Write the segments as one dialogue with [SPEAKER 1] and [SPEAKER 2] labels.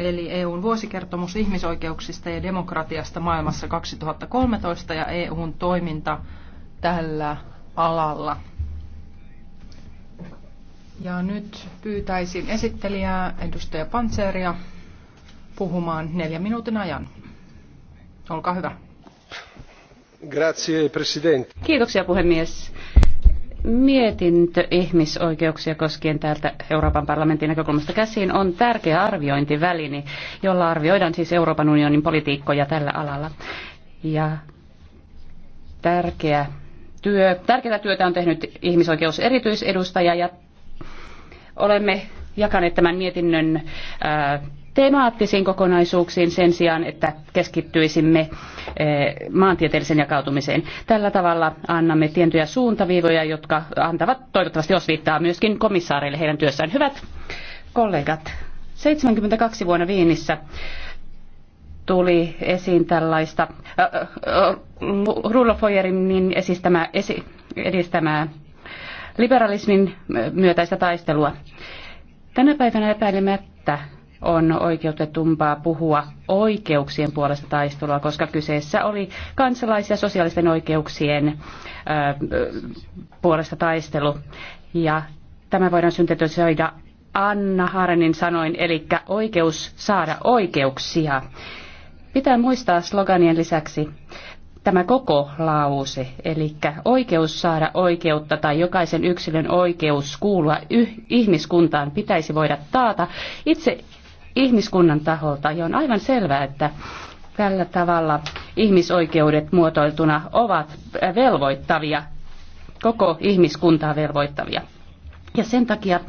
[SPEAKER 1] eli EUn vuosikertomus ihmisoikeuksista ja demokratiasta maailmassa 2013 ja EUn toiminta tällä alalla. Ja nyt pyytäisin esittelijää edustaja Panzeria puhumaan neljän minuutin ajan. Olkaa hyvä.
[SPEAKER 2] Grazie,
[SPEAKER 3] Kiitoksia puhemies mietintö ihmisoikeuksia koskien täältä Euroopan parlamentin näkökulmasta käsiin on tärkeä arviointiväline, jolla arvioidaan siis Euroopan unionin politiikkoja tällä alalla. Ja tärkeä työ, tärkeää työtä on tehnyt ihmisoikeuserityisedustaja ja olemme jakaneet tämän mietinnön temaattisiin kokonaisuuksiin sen sijaan, että keskittyisimme eh, maantieteellisen jakautumiseen. Tällä tavalla annamme tiettyjä suuntaviivoja, jotka antavat toivottavasti osviittaa myöskin komissaareille heidän työssään. Hyvät kollegat, 72 vuonna Viinissä tuli esiin tällaista äh, äh, Rudolf Feuerinin esistämää, esi, edistämää liberalismin myötäistä taistelua. Tänä päivänä epäilemättä on oikeutetumpaa puhua oikeuksien puolesta taistelua, koska kyseessä oli kansalais- ja sosiaalisten oikeuksien puolesta taistelu. Ja tämä voidaan syntetisoida Anna Harenin sanoin, eli oikeus saada oikeuksia. Pitää muistaa sloganien lisäksi tämä koko lause, eli oikeus saada oikeutta tai jokaisen yksilön oikeus kuulua yh- ihmiskuntaan pitäisi voida taata itse ihmiskunnan taholta. Ja on aivan selvää, että tällä tavalla ihmisoikeudet muotoiltuna ovat velvoittavia, koko ihmiskuntaa velvoittavia. Ja sen takia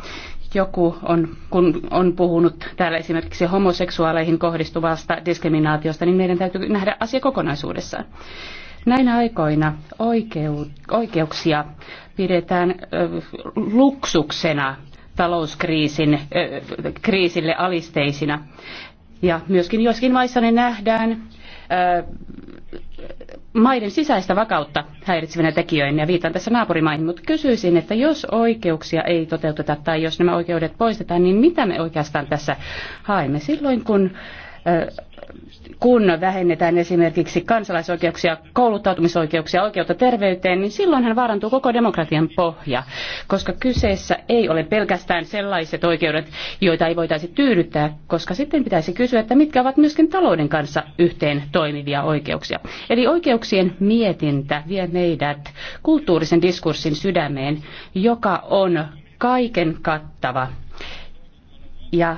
[SPEAKER 3] joku on, kun on puhunut täällä esimerkiksi homoseksuaaleihin kohdistuvasta diskriminaatiosta, niin meidän täytyy nähdä asia kokonaisuudessaan. Näinä aikoina oikeu, oikeuksia pidetään ö, luksuksena talouskriisin kriisille alisteisina. Ja myöskin joissakin maissa ne nähdään maiden sisäistä vakautta häiritsevinä tekijöinä, ja viitan tässä naapurimaihin, mutta kysyisin, että jos oikeuksia ei toteuteta tai jos nämä oikeudet poistetaan, niin mitä me oikeastaan tässä haemme silloin, kun kun vähennetään esimerkiksi kansalaisoikeuksia, kouluttautumisoikeuksia, oikeutta terveyteen, niin silloinhan vaarantuu koko demokratian pohja, koska kyseessä ei ole pelkästään sellaiset oikeudet, joita ei voitaisi tyydyttää, koska sitten pitäisi kysyä, että mitkä ovat myöskin talouden kanssa yhteen toimivia oikeuksia. Eli oikeuksien mietintä vie meidät kulttuurisen diskurssin sydämeen, joka on kaiken kattava. Ja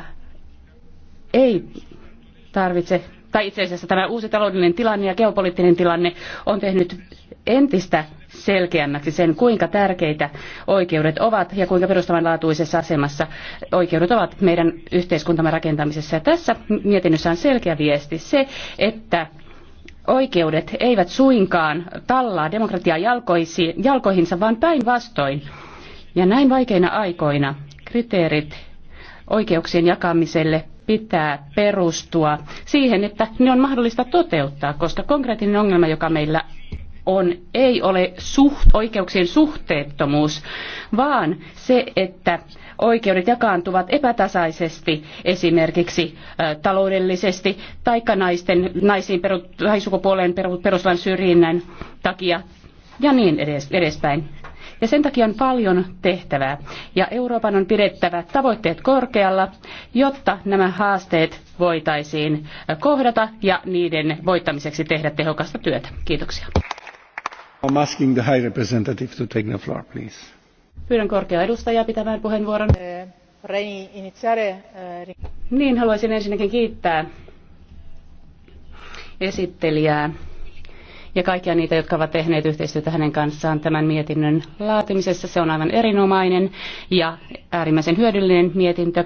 [SPEAKER 3] ei tarvitse, tai itse asiassa tämä uusi taloudellinen tilanne ja geopoliittinen tilanne on tehnyt entistä selkeämmäksi sen, kuinka tärkeitä oikeudet ovat ja kuinka perustavanlaatuisessa asemassa oikeudet ovat meidän yhteiskuntamme rakentamisessa. Ja tässä mietinnössä on selkeä viesti se, että oikeudet eivät suinkaan tallaa demokratiaa jalkoihinsa, vaan päinvastoin. Ja näin vaikeina aikoina kriteerit oikeuksien jakamiselle pitää perustua siihen, että ne on mahdollista toteuttaa, koska konkreettinen ongelma, joka meillä on, ei ole suht, oikeuksien suhteettomuus, vaan se, että oikeudet jakaantuvat epätasaisesti esimerkiksi ä, taloudellisesti tai naisten, naisiin peru, tai sukupuoleen peru, peruslain syrjinnän takia ja niin edes, edespäin. Ja sen takia on paljon tehtävää. Ja Euroopan on pidettävä tavoitteet korkealla, jotta nämä haasteet voitaisiin kohdata ja niiden voittamiseksi tehdä tehokasta työtä. Kiitoksia.
[SPEAKER 2] I'm asking the high representative to take the floor, please.
[SPEAKER 3] Pyydän korkea edustajaa pitämään puheenvuoron. Eh, eh, niin, haluaisin ensinnäkin kiittää esittelijää ja kaikkia niitä, jotka ovat tehneet yhteistyötä hänen kanssaan tämän mietinnön laatimisessa. Se on aivan erinomainen ja äärimmäisen hyödyllinen mietintö.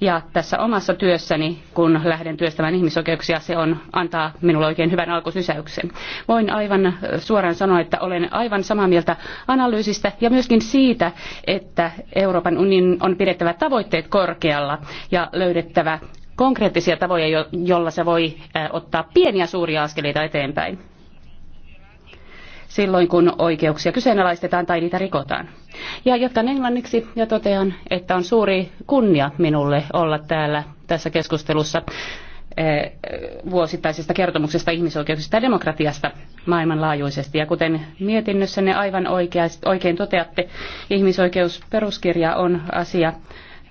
[SPEAKER 3] Ja tässä omassa työssäni, kun lähden työstämään ihmisoikeuksia, se on, antaa minulle oikein hyvän alkusysäyksen. Voin aivan äh, suoraan sanoa, että olen aivan samaa mieltä analyysistä ja myöskin siitä, että Euroopan unionin on pidettävä tavoitteet korkealla ja löydettävä konkreettisia tavoja, joilla se voi äh, ottaa pieniä suuria askeleita eteenpäin silloin, kun oikeuksia kyseenalaistetaan tai niitä rikotaan. Ja jatkan englanniksi ja totean, että on suuri kunnia minulle olla täällä tässä keskustelussa eh, vuosittaisesta kertomuksesta ihmisoikeuksista ja demokratiasta maailmanlaajuisesti. Ja kuten mietinnössänne aivan oikein toteatte, ihmisoikeusperuskirja on asia,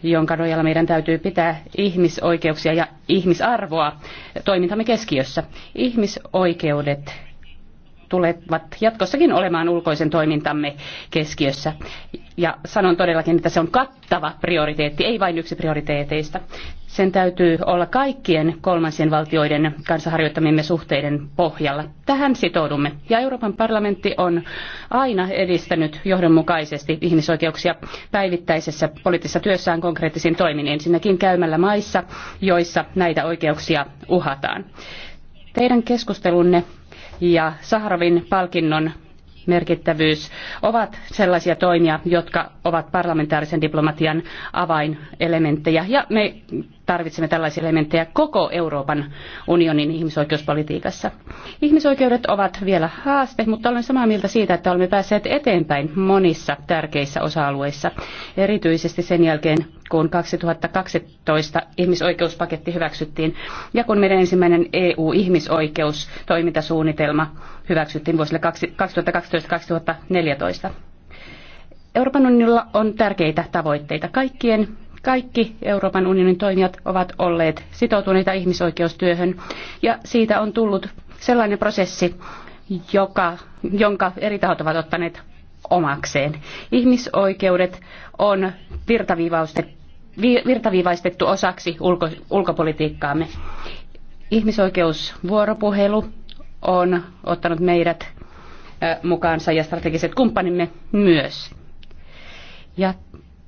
[SPEAKER 3] jonka nojalla meidän täytyy pitää ihmisoikeuksia ja ihmisarvoa toimintamme keskiössä. Ihmisoikeudet tulevat jatkossakin olemaan ulkoisen toimintamme keskiössä. Ja sanon todellakin, että se on kattava prioriteetti, ei vain yksi prioriteeteista. Sen täytyy olla kaikkien kolmansien valtioiden kanssa harjoittamimme suhteiden pohjalla. Tähän sitoudumme. Ja Euroopan parlamentti on aina edistänyt johdonmukaisesti ihmisoikeuksia päivittäisessä poliittisessa työssään konkreettisin toimin. Ensinnäkin käymällä maissa, joissa näitä oikeuksia uhataan. Teidän keskustelunne ja Saharovin palkinnon merkittävyys ovat sellaisia toimia, jotka ovat parlamentaarisen diplomatian avainelementtejä. Ja me tarvitsemme tällaisia elementtejä koko Euroopan unionin ihmisoikeuspolitiikassa. Ihmisoikeudet ovat vielä haaste, mutta olen samaa mieltä siitä, että olemme päässeet eteenpäin monissa tärkeissä osa-alueissa, erityisesti sen jälkeen, kun 2012 ihmisoikeuspaketti hyväksyttiin ja kun meidän ensimmäinen EU-ihmisoikeustoimintasuunnitelma hyväksyttiin vuosille 2012-2014. Euroopan unionilla on tärkeitä tavoitteita. Kaikkien kaikki Euroopan unionin toimijat ovat olleet sitoutuneita ihmisoikeustyöhön ja siitä on tullut sellainen prosessi, joka, jonka eri tahot ovat ottaneet omakseen. Ihmisoikeudet on virtaviivaistettu osaksi ulko, ulkopolitiikkaamme. Ihmisoikeusvuoropuhelu on ottanut meidät äh, mukaansa ja strategiset kumppanimme myös. Ja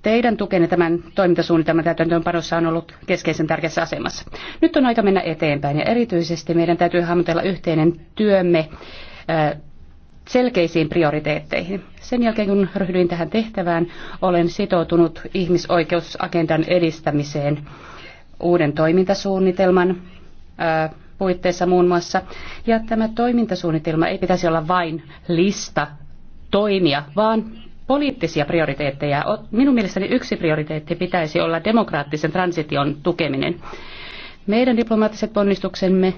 [SPEAKER 3] teidän tukenne tämän toimintasuunnitelman täytäntöönpanossa on ollut keskeisen tärkeässä asemassa. Nyt on aika mennä eteenpäin ja erityisesti meidän täytyy hahmotella yhteinen työmme äh, selkeisiin prioriteetteihin. Sen jälkeen kun ryhdyin tähän tehtävään, olen sitoutunut ihmisoikeusagendan edistämiseen uuden toimintasuunnitelman äh, puitteissa muun muassa. Ja tämä toimintasuunnitelma ei pitäisi olla vain lista toimia, vaan poliittisia prioriteetteja. Minun mielestäni yksi prioriteetti pitäisi olla demokraattisen transition tukeminen. Meidän diplomaattiset ponnistuksemme,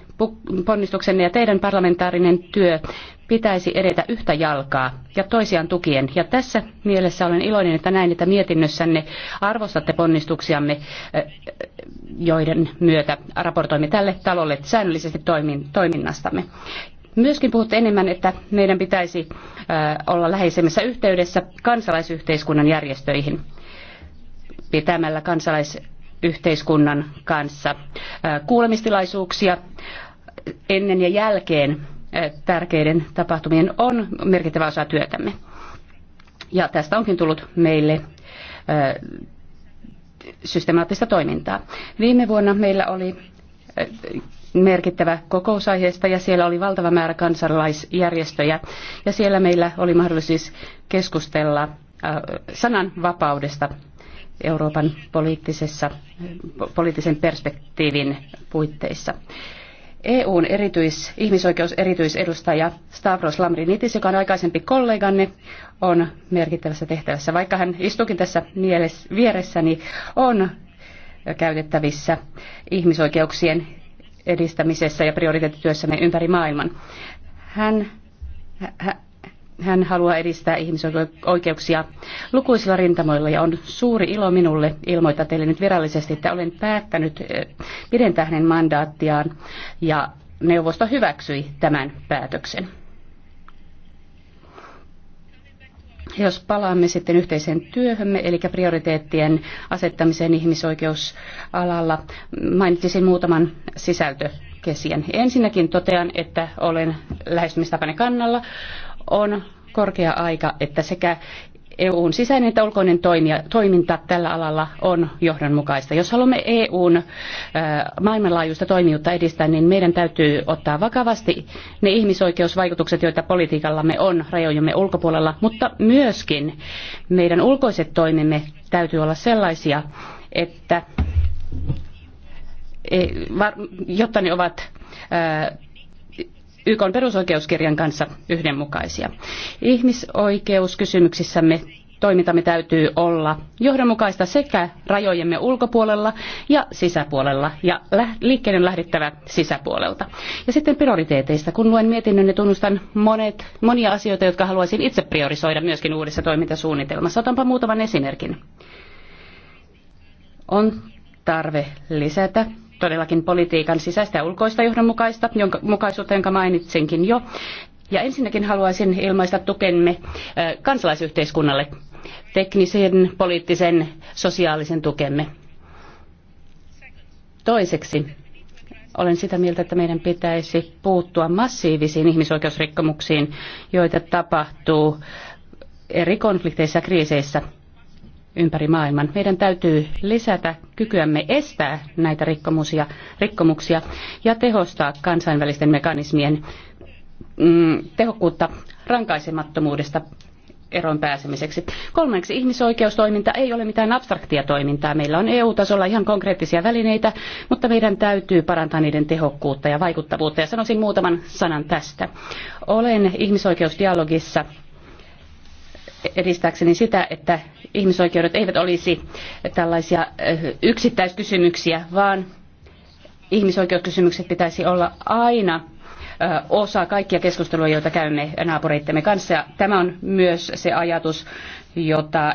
[SPEAKER 3] ponnistuksenne ja teidän parlamentaarinen työ pitäisi edetä yhtä jalkaa ja toisiaan tukien. Ja tässä mielessä olen iloinen, että näin, että mietinnössänne arvostatte ponnistuksiamme, joiden myötä raportoimme tälle talolle säännöllisesti toiminnastamme myöskin puhuttu enemmän, että meidän pitäisi olla läheisemmässä yhteydessä kansalaisyhteiskunnan järjestöihin pitämällä kansalaisyhteiskunnan kanssa kuulemistilaisuuksia ennen ja jälkeen tärkeiden tapahtumien on merkittävä osa työtämme. Ja tästä onkin tullut meille systemaattista toimintaa. Viime vuonna meillä oli merkittävä kokousaiheesta ja siellä oli valtava määrä kansalaisjärjestöjä ja siellä meillä oli mahdollisuus keskustella äh, sananvapaudesta Euroopan poliittisessa, poliittisen perspektiivin puitteissa. EUn erityis, ihmisoikeuserityisedustaja Stavros Lamrinitis, joka on aikaisempi kolleganne, on merkittävässä tehtävässä. Vaikka hän istuukin tässä mielessä, vieressäni, on käytettävissä ihmisoikeuksien edistämisessä ja prioriteettityössämme ympäri maailman. Hän, hän haluaa edistää ihmisoikeuksia lukuisilla rintamoilla ja on suuri ilo minulle ilmoittaa teille nyt virallisesti, että olen päättänyt eh, pidentää hänen mandaattiaan ja neuvosto hyväksyi tämän päätöksen. Jos palaamme sitten yhteiseen työhömme, eli prioriteettien asettamiseen ihmisoikeusalalla, mainitsisin muutaman sisältökesien. Ensinnäkin totean, että olen lähestymistapani kannalla. On korkea aika, että sekä EUn sisäinen että ulkoinen toiminta tällä alalla on johdonmukaista. Jos haluamme EUn maailmanlaajuista toimijuutta edistää, niin meidän täytyy ottaa vakavasti ne ihmisoikeusvaikutukset, joita politiikallamme on rajojemme ulkopuolella, mutta myöskin meidän ulkoiset toimimme täytyy olla sellaisia, että e, jotta ne ovat YK perusoikeuskirjan kanssa yhdenmukaisia. Ihmisoikeuskysymyksissämme toimintamme täytyy olla johdonmukaista sekä rajojemme ulkopuolella ja sisäpuolella, ja liikkeiden lähdettävä sisäpuolelta. Ja sitten prioriteeteista. Kun luen mietinnön, niin tunnustan monet, monia asioita, jotka haluaisin itse priorisoida myöskin uudessa toimintasuunnitelmassa. Otanpa muutaman esimerkin. On tarve lisätä todellakin politiikan sisäistä ja ulkoista johdonmukaista, jonka, mukaisuutta, jonka mainitsinkin jo. Ja ensinnäkin haluaisin ilmaista tukemme kansalaisyhteiskunnalle, teknisen, poliittisen, sosiaalisen tukemme. Toiseksi olen sitä mieltä, että meidän pitäisi puuttua massiivisiin ihmisoikeusrikkomuksiin, joita tapahtuu eri konflikteissa ja kriiseissä ympäri maailman. Meidän täytyy lisätä kykyämme estää näitä rikkomuksia, rikkomuksia ja tehostaa kansainvälisten mekanismien mm, tehokkuutta rankaisemattomuudesta eroon pääsemiseksi. Kolmanneksi ihmisoikeustoiminta ei ole mitään abstraktia toimintaa. Meillä on EU-tasolla ihan konkreettisia välineitä, mutta meidän täytyy parantaa niiden tehokkuutta ja vaikuttavuutta. Ja sanoisin muutaman sanan tästä. Olen ihmisoikeusdialogissa edistääkseni sitä, että ihmisoikeudet eivät olisi tällaisia eh, yksittäiskysymyksiä, vaan ihmisoikeuskysymykset pitäisi olla aina eh, osa kaikkia keskusteluja, joita käymme naapureittemme kanssa. Ja tämä on myös se ajatus, jota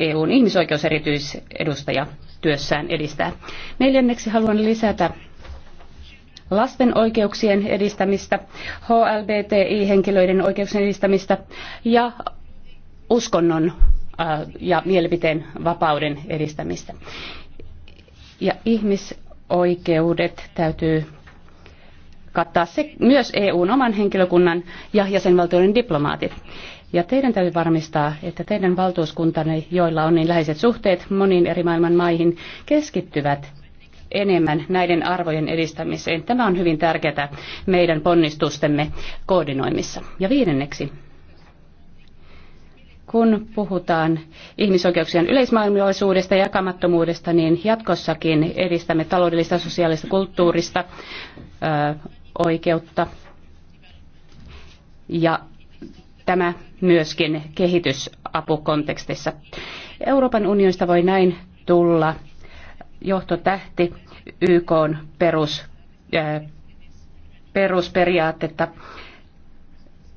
[SPEAKER 3] EUn ihmisoikeuserityisedustaja työssään edistää. Neljänneksi haluan lisätä lasten oikeuksien edistämistä, HLBTI-henkilöiden oikeuksien edistämistä ja uskonnon äh, ja mielipiteen vapauden edistämistä. Ja ihmisoikeudet täytyy kattaa se, myös EUn oman henkilökunnan ja jäsenvaltioiden diplomaatit. Ja teidän täytyy varmistaa, että teidän valtuuskuntanne, joilla on niin läheiset suhteet moniin eri maailman maihin, keskittyvät enemmän näiden arvojen edistämiseen. Tämä on hyvin tärkeää meidän ponnistustemme koordinoimissa. Ja viidenneksi, kun puhutaan ihmisoikeuksien yleismaailmallisuudesta ja jakamattomuudesta, niin jatkossakin edistämme taloudellista, sosiaalista, kulttuurista ö, oikeutta. Ja tämä myöskin kehitysapukontekstissa. Euroopan unionista voi näin tulla johtotähti YK perus, ö, perusperiaatetta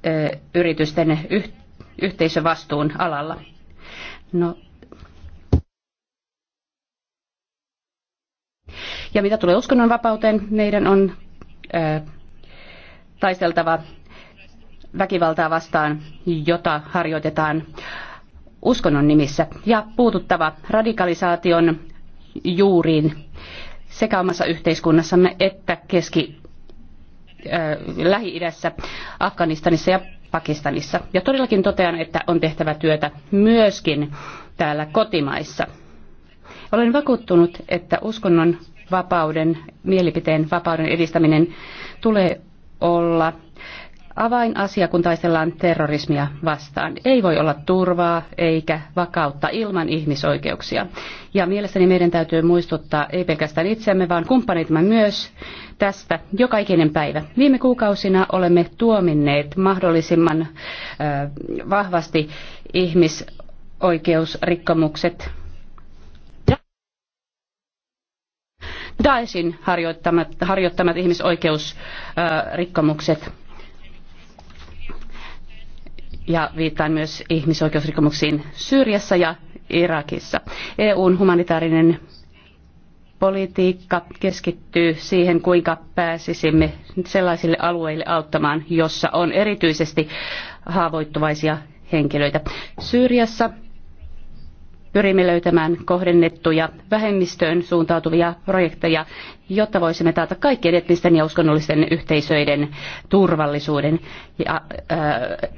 [SPEAKER 3] ö, yritysten yhteydessä yhteisövastuun alalla. No, Ja mitä tulee uskonnonvapauteen, meidän on ää, taisteltava väkivaltaa vastaan, jota harjoitetaan uskonnon nimissä, ja puututtava radikalisaation juuriin sekä omassa yhteiskunnassamme että keski, Lähi-idässä, Afganistanissa ja Pakistanissa. Ja todellakin totean, että on tehtävä työtä myöskin täällä kotimaissa. Olen vakuuttunut, että uskonnon vapauden, mielipiteen vapauden edistäminen tulee olla avainasia, kun taistellaan terrorismia vastaan. Ei voi olla turvaa eikä vakautta ilman ihmisoikeuksia. Ja mielestäni meidän täytyy muistuttaa ei pelkästään itseämme, vaan kumppaneitamme myös tästä joka ikinen päivä. Viime kuukausina olemme tuominneet mahdollisimman vahvasti ihmisoikeusrikkomukset Daeshin harjoittamat, harjoittamat ihmisoikeusrikkomukset. Ja viittaan myös ihmisoikeusrikkomuksiin Syyriassa ja Irakissa. EUn humanitaarinen politiikka keskittyy siihen, kuinka pääsisimme sellaisille alueille auttamaan, jossa on erityisesti haavoittuvaisia henkilöitä. Syyriassa pyrimme löytämään kohdennettuja vähemmistöön suuntautuvia projekteja, jotta voisimme taata kaikkien etnisten ja uskonnollisten yhteisöiden turvallisuuden ja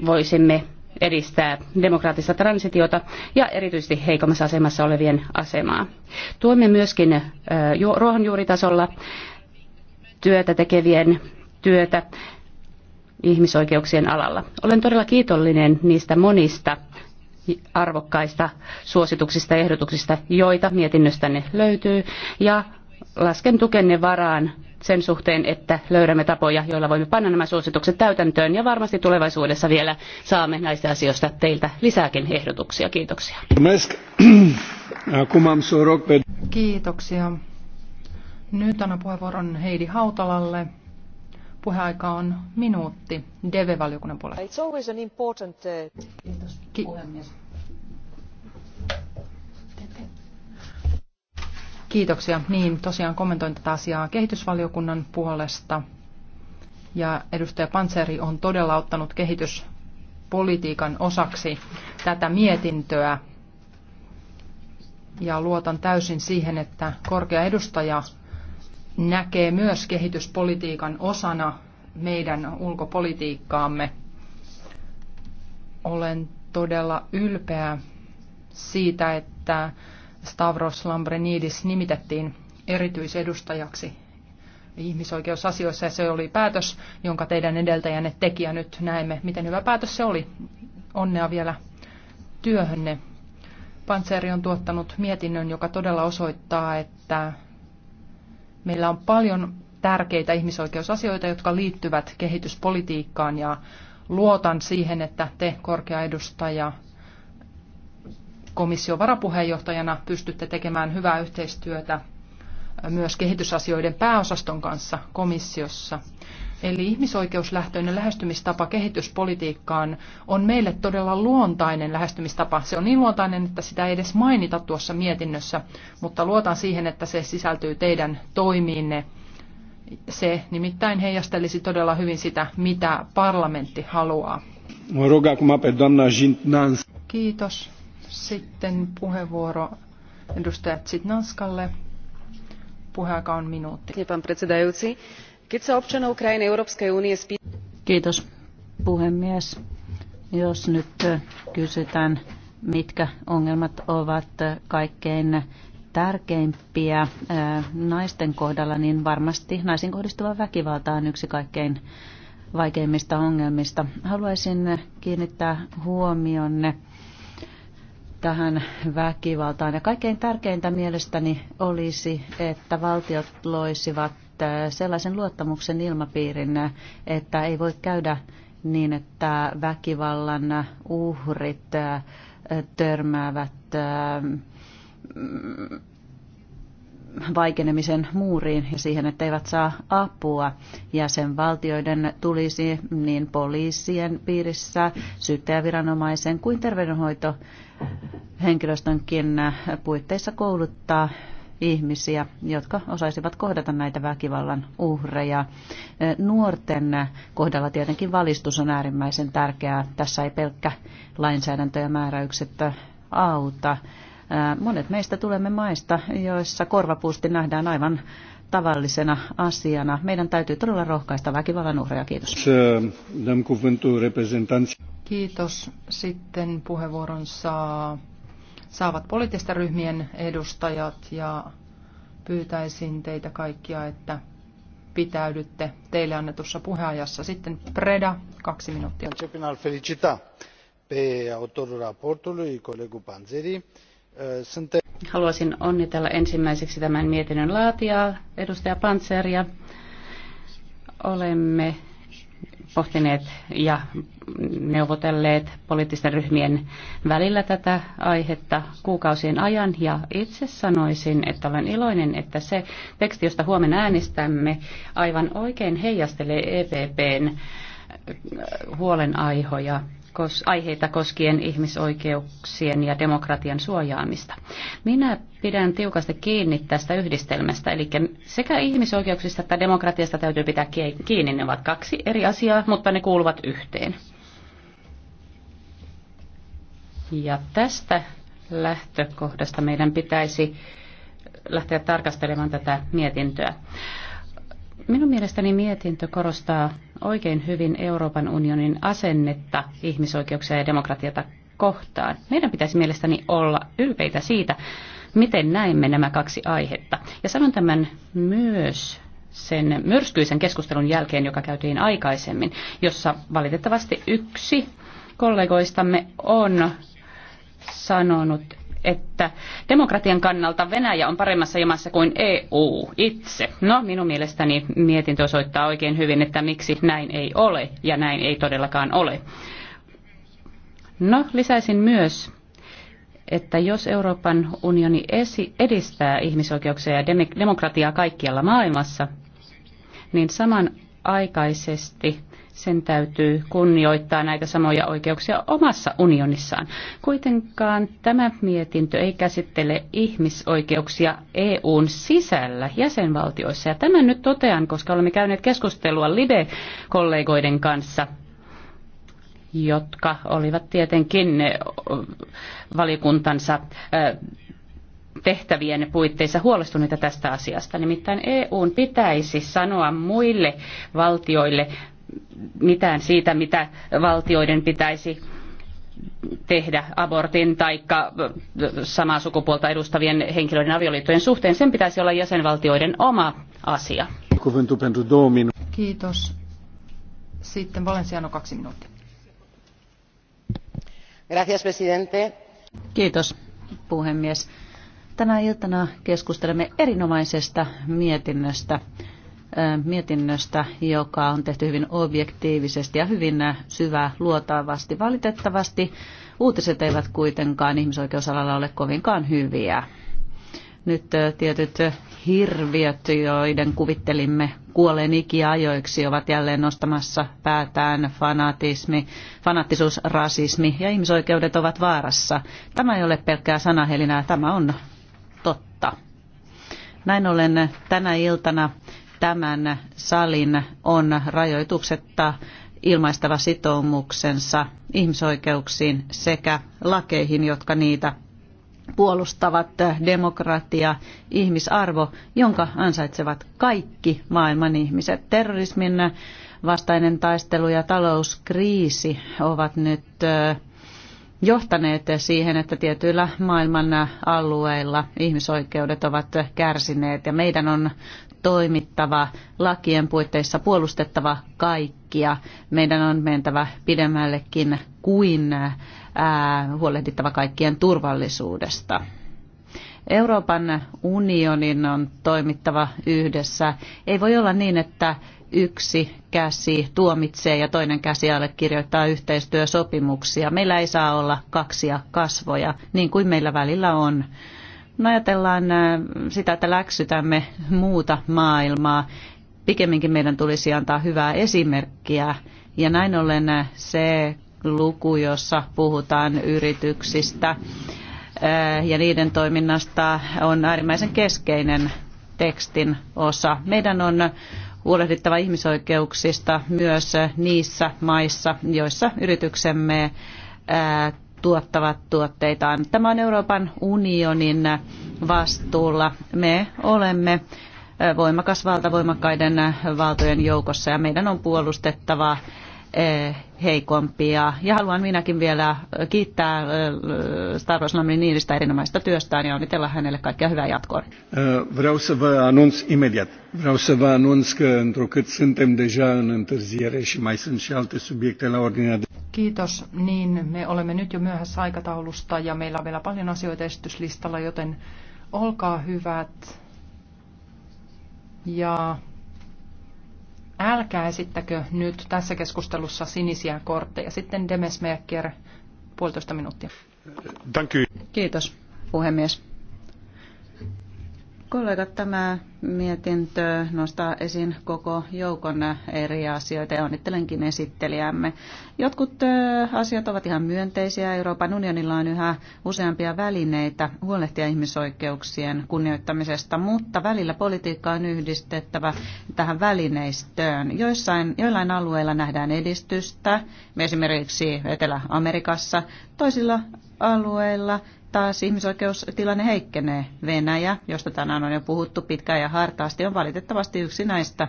[SPEAKER 3] voisimme edistää demokraattista transitiota ja erityisesti heikommassa asemassa olevien asemaa. Tuemme myöskin ruohonjuuritasolla työtä tekevien työtä ihmisoikeuksien alalla. Olen todella kiitollinen niistä monista arvokkaista suosituksista ja ehdotuksista, joita mietinnöstänne löytyy, ja lasken tukenne varaan sen suhteen, että löydämme tapoja, joilla voimme panna nämä suositukset täytäntöön ja varmasti tulevaisuudessa vielä saamme näistä asioista teiltä lisääkin ehdotuksia. Kiitoksia. Kiitoksia.
[SPEAKER 1] Nyt annan puheenvuoron Heidi Hautalalle. Puheaika on minuutti DV-valiokunnan puolesta.
[SPEAKER 4] It's always an important... Uh, Kiitos puhemies.
[SPEAKER 1] Kiitoksia. Niin, tosiaan kommentoin tätä asiaa kehitysvaliokunnan puolesta. Ja edustaja Panseri on todella ottanut kehityspolitiikan osaksi tätä mietintöä. Ja luotan täysin siihen, että korkea edustaja näkee myös kehityspolitiikan osana meidän ulkopolitiikkaamme. Olen todella ylpeä siitä, että Stavros Lambrenidis nimitettiin erityisedustajaksi ihmisoikeusasioissa ja se oli päätös, jonka teidän edeltäjänne teki ja nyt näemme, miten hyvä päätös se oli. Onnea vielä työhönne. Pantseri on tuottanut mietinnön, joka todella osoittaa, että meillä on paljon tärkeitä ihmisoikeusasioita, jotka liittyvät kehityspolitiikkaan ja luotan siihen, että te korkea edustaja komission varapuheenjohtajana pystytte tekemään hyvää yhteistyötä myös kehitysasioiden pääosaston kanssa komissiossa. Eli ihmisoikeuslähtöinen lähestymistapa kehityspolitiikkaan on meille todella luontainen lähestymistapa. Se on niin luontainen, että sitä ei edes mainita tuossa mietinnössä, mutta luotan siihen, että se sisältyy teidän toimiinne. Se nimittäin heijastelisi todella hyvin sitä, mitä parlamentti haluaa. Kiitos. Sitten puheenvuoro edustaja Tsitnanskalle. Puheaika on minuutti. Kiitos
[SPEAKER 5] puhemies. Jos nyt eh, kysytään, mitkä ongelmat ovat eh, kaikkein tärkeimpiä eh, naisten kohdalla, niin varmasti naisiin kohdistuva väkivalta on yksi kaikkein vaikeimmista ongelmista. Haluaisin kiinnittää huomionne tähän väkivaltaan. Ja kaikkein tärkeintä mielestäni olisi, että valtiot loisivat äh, sellaisen luottamuksen ilmapiirin, että ei voi käydä niin, että väkivallan uhrit äh, törmäävät äh, vaikenemisen muuriin ja siihen, että eivät saa apua. Jäsenvaltioiden tulisi niin poliisien piirissä, syyttäjäviranomaisen kuin terveydenhoito henkilöstönkin puitteissa kouluttaa ihmisiä, jotka osaisivat kohdata näitä väkivallan uhreja. Nuorten kohdalla tietenkin valistus on äärimmäisen tärkeää. Tässä ei pelkkä lainsäädäntö ja määräykset auta. Monet meistä tulemme maista, joissa korvapuusti nähdään aivan tavallisena asiana. Meidän täytyy todella rohkaista väkivallan uhreja. Kiitos.
[SPEAKER 1] Kiitos. Sitten puheenvuoron saa, saavat poliittisten ryhmien edustajat ja pyytäisin teitä kaikkia, että pitäydytte teille annetussa puheajassa. Sitten Preda, kaksi minuuttia.
[SPEAKER 2] Începem al felicita pe autorul raportului, colegul Panzeri.
[SPEAKER 3] Haluaisin onnitella ensimmäiseksi tämän mietinnön laatijaa, edustaja Panzeria. Olemme pohtineet ja neuvotelleet poliittisten ryhmien välillä tätä aihetta kuukausien ajan. Ja itse sanoisin, että olen iloinen, että se teksti, josta huomenna äänestämme, aivan oikein heijastelee EPPn huolenaihoja kos, aiheita koskien ihmisoikeuksien ja demokratian suojaamista. Minä pidän tiukasti kiinni tästä yhdistelmästä, eli sekä ihmisoikeuksista että demokratiasta täytyy pitää kiinni. Ne ovat kaksi eri asiaa, mutta ne kuuluvat yhteen. Ja tästä lähtökohdasta meidän pitäisi lähteä tarkastelemaan tätä mietintöä. Minun mielestäni mietintö korostaa oikein hyvin Euroopan unionin asennetta ihmisoikeuksia ja demokratiata kohtaan. Meidän pitäisi mielestäni olla ylpeitä siitä, miten näemme nämä kaksi aihetta. Ja sanon tämän myös sen myrskyisen keskustelun jälkeen, joka käytiin aikaisemmin, jossa valitettavasti yksi kollegoistamme on sanonut, että demokratian kannalta Venäjä on paremmassa jamassa kuin EU itse. No, minun mielestäni mietintö osoittaa oikein hyvin, että miksi näin ei ole ja näin ei todellakaan ole. No, lisäisin myös, että jos Euroopan unioni edistää ihmisoikeuksia ja demokratiaa kaikkialla maailmassa, niin samanaikaisesti sen täytyy kunnioittaa näitä samoja oikeuksia omassa unionissaan. Kuitenkaan tämä mietintö ei käsittele ihmisoikeuksia EUn sisällä jäsenvaltioissa. Ja tämän nyt totean, koska olemme käyneet keskustelua Libe-kollegoiden kanssa jotka olivat tietenkin valiokuntansa tehtävien puitteissa huolestuneita tästä asiasta. Nimittäin EUn pitäisi sanoa muille valtioille, mitään siitä, mitä valtioiden pitäisi tehdä abortin tai samaa sukupuolta edustavien henkilöiden avioliittojen suhteen. Sen pitäisi olla jäsenvaltioiden oma asia.
[SPEAKER 1] Kiitos. Sitten Valenciano kaksi minuuttia. Gracias, presidente.
[SPEAKER 5] Kiitos, puhemies. Tänä iltana keskustelemme erinomaisesta mietinnöstä mietinnöstä, joka on tehty hyvin objektiivisesti ja hyvin syvää luotaavasti. Valitettavasti uutiset eivät kuitenkaan ihmisoikeusalalla ole kovinkaan hyviä. Nyt tietyt hirviöt, joiden kuvittelimme kuolleen ikiajoiksi, ovat jälleen nostamassa päätään fanatismi, fanattisuus, rasismi ja ihmisoikeudet ovat vaarassa. Tämä ei ole pelkkää sanahelinää, tämä on totta. Näin ollen tänä iltana tämän salin on rajoituksetta ilmaistava sitoumuksensa ihmisoikeuksiin sekä lakeihin, jotka niitä puolustavat demokratia, ihmisarvo, jonka ansaitsevat kaikki maailman ihmiset. Terrorismin vastainen taistelu ja talouskriisi ovat nyt johtaneet siihen, että tietyillä maailman alueilla ihmisoikeudet ovat kärsineet ja meidän on toimittava lakien puitteissa puolustettava kaikkia. Meidän on mentävä pidemmällekin kuin ää, huolehdittava kaikkien turvallisuudesta. Euroopan unionin on toimittava yhdessä. Ei voi olla niin, että yksi käsi tuomitsee ja toinen käsi allekirjoittaa yhteistyösopimuksia. Meillä ei saa olla kaksia kasvoja, niin kuin meillä välillä on No ajatellaan äh, sitä, että läksytämme muuta maailmaa. Pikemminkin meidän tulisi antaa hyvää esimerkkiä. Ja näin ollen äh, se luku, jossa puhutaan yrityksistä äh, ja niiden toiminnasta, on äärimmäisen keskeinen tekstin osa. Meidän on huolehdittava ihmisoikeuksista myös niissä maissa, joissa yrityksemme tuottavat tuotteitaan. Tämä on Euroopan unionin vastuulla. Me olemme voimakas valta voimakkaiden valtojen joukossa ja meidän on puolustettava Eh, heikompia. Ja haluan minäkin vielä eh, kiittää eh, Lamin Niilistä erinomaista työstään ja onnitella hänelle kaikkea hyvää jatkoa.
[SPEAKER 2] Vreau să vă anunț imediat. Vreau să vă anunț că întrucât suntem deja în întârziere și mai sunt și alte subiecte la ordinea de...
[SPEAKER 1] Kiitos. Niin, me olemme nyt jo myöhässä aikataulusta ja meillä on vielä paljon asioita esityslistalla, joten olkaa hyvät. Ja älkää esittäkö nyt tässä keskustelussa sinisiä kortteja. Sitten Demesmeeker, puolitoista minuuttia. Kiitos, puhemies. Kollegat, tämä mietintö
[SPEAKER 5] nostaa esiin koko joukon eri asioita ja onnittelenkin esittelijämme. Jotkut asiat ovat ihan myönteisiä. Euroopan unionilla on yhä useampia välineitä huolehtia ihmisoikeuksien kunnioittamisesta, mutta välillä politiikka on yhdistettävä tähän välineistöön. Joissain, joillain alueilla nähdään edistystä, esimerkiksi Etelä-Amerikassa, toisilla alueilla taas ihmisoikeustilanne heikkenee. Venäjä, josta tänään on jo puhuttu pitkään ja hartaasti, on valitettavasti yksi näistä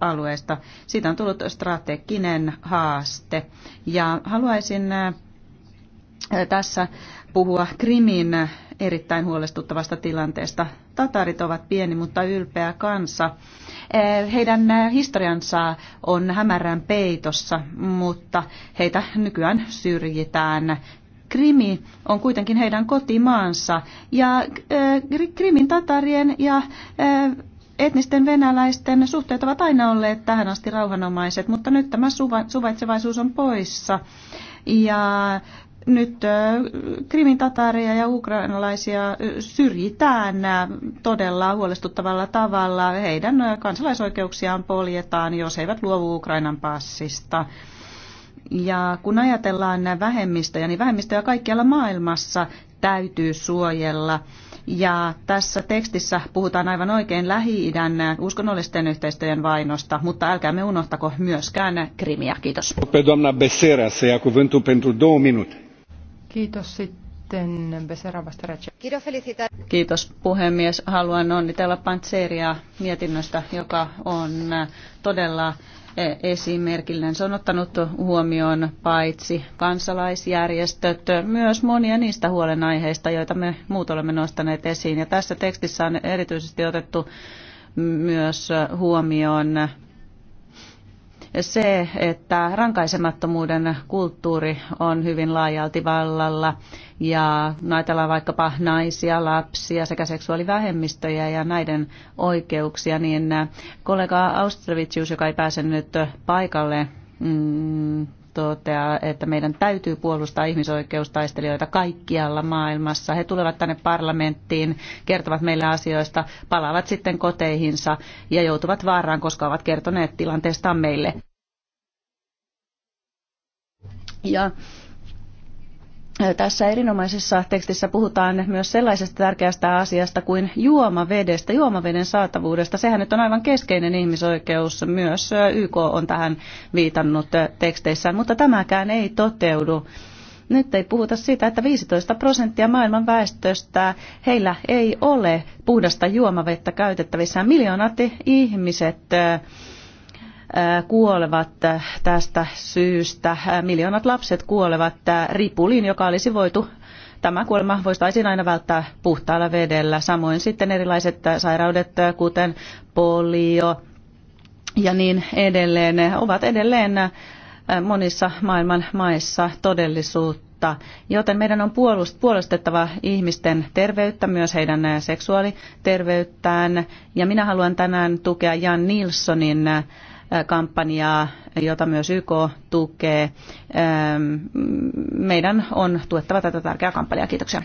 [SPEAKER 5] alueista. Siitä on tullut strateginen haaste. Ja haluaisin äh, tässä puhua Krimin erittäin huolestuttavasta tilanteesta. Tatarit ovat pieni, mutta ylpeä kansa. Äh, heidän äh, historiansa on hämärän peitossa, mutta heitä nykyään syrjitään Krimi on kuitenkin heidän kotimaansa ja Krimin tatarien ja etnisten venäläisten suhteet ovat aina olleet tähän asti rauhanomaiset, mutta nyt tämä suvaitsevaisuus on poissa. Ja nyt Krimin tataria ja ukrainalaisia syrjitään todella huolestuttavalla tavalla. Heidän kansalaisoikeuksiaan poljetaan, jos he eivät luovu Ukrainan passista. Ja kun ajatellaan vähemmistöjä, niin vähemmistöjä kaikkialla maailmassa täytyy suojella. Ja tässä tekstissä puhutaan aivan oikein Lähi-idän uskonnollisten yhteistyön vainosta, mutta älkäämme unohtako myöskään Krimiä. Kiitos. Kiitos sitten Besera Kiitos puhemies. Haluan onnitella Pantseria mietinnöstä, joka on todella esimerkillään. Se on ottanut huomioon paitsi kansalaisjärjestöt, myös monia niistä huolenaiheista, joita me muut olemme nostaneet esiin. Ja tässä tekstissä on erityisesti otettu myös huomioon se, että rankaisemattomuuden kulttuuri on hyvin laajalti vallalla ja ajatellaan vaikkapa naisia, lapsia sekä seksuaalivähemmistöjä ja näiden oikeuksia, niin kollega Austrovicius, joka ei pääse nyt paikalle, mm, toteaa, että meidän täytyy puolustaa ihmisoikeustaistelijoita kaikkialla maailmassa. He tulevat tänne parlamenttiin, kertovat meille asioista, palaavat sitten koteihinsa ja joutuvat vaaraan, koska ovat kertoneet tilanteestaan meille. Ja tässä erinomaisessa tekstissä puhutaan myös sellaisesta tärkeästä asiasta kuin juomavedestä, juomaveden saatavuudesta. Sehän nyt on aivan keskeinen ihmisoikeus. Myös YK on tähän viitannut teksteissään, mutta tämäkään ei toteudu. Nyt ei puhuta siitä, että 15 prosenttia maailman väestöstä, heillä ei ole puhdasta juomavettä käytettävissä. Miljoonat ihmiset kuolevat tästä syystä. Miljoonat lapset kuolevat ripuliin, joka olisi voitu Tämä kuolema voitaisiin aina välttää puhtaalla vedellä. Samoin sitten erilaiset sairaudet, kuten polio ja niin edelleen, ovat edelleen monissa maailman maissa todellisuutta. Joten meidän on puolustettava ihmisten terveyttä, myös heidän seksuaaliterveyttään. Ja minä haluan tänään tukea Jan Nilssonin kampanjaa, jota myös YK tukee. Ähm, meidän on tuettava tätä tärkeää kampanjaa. Kiitoksia.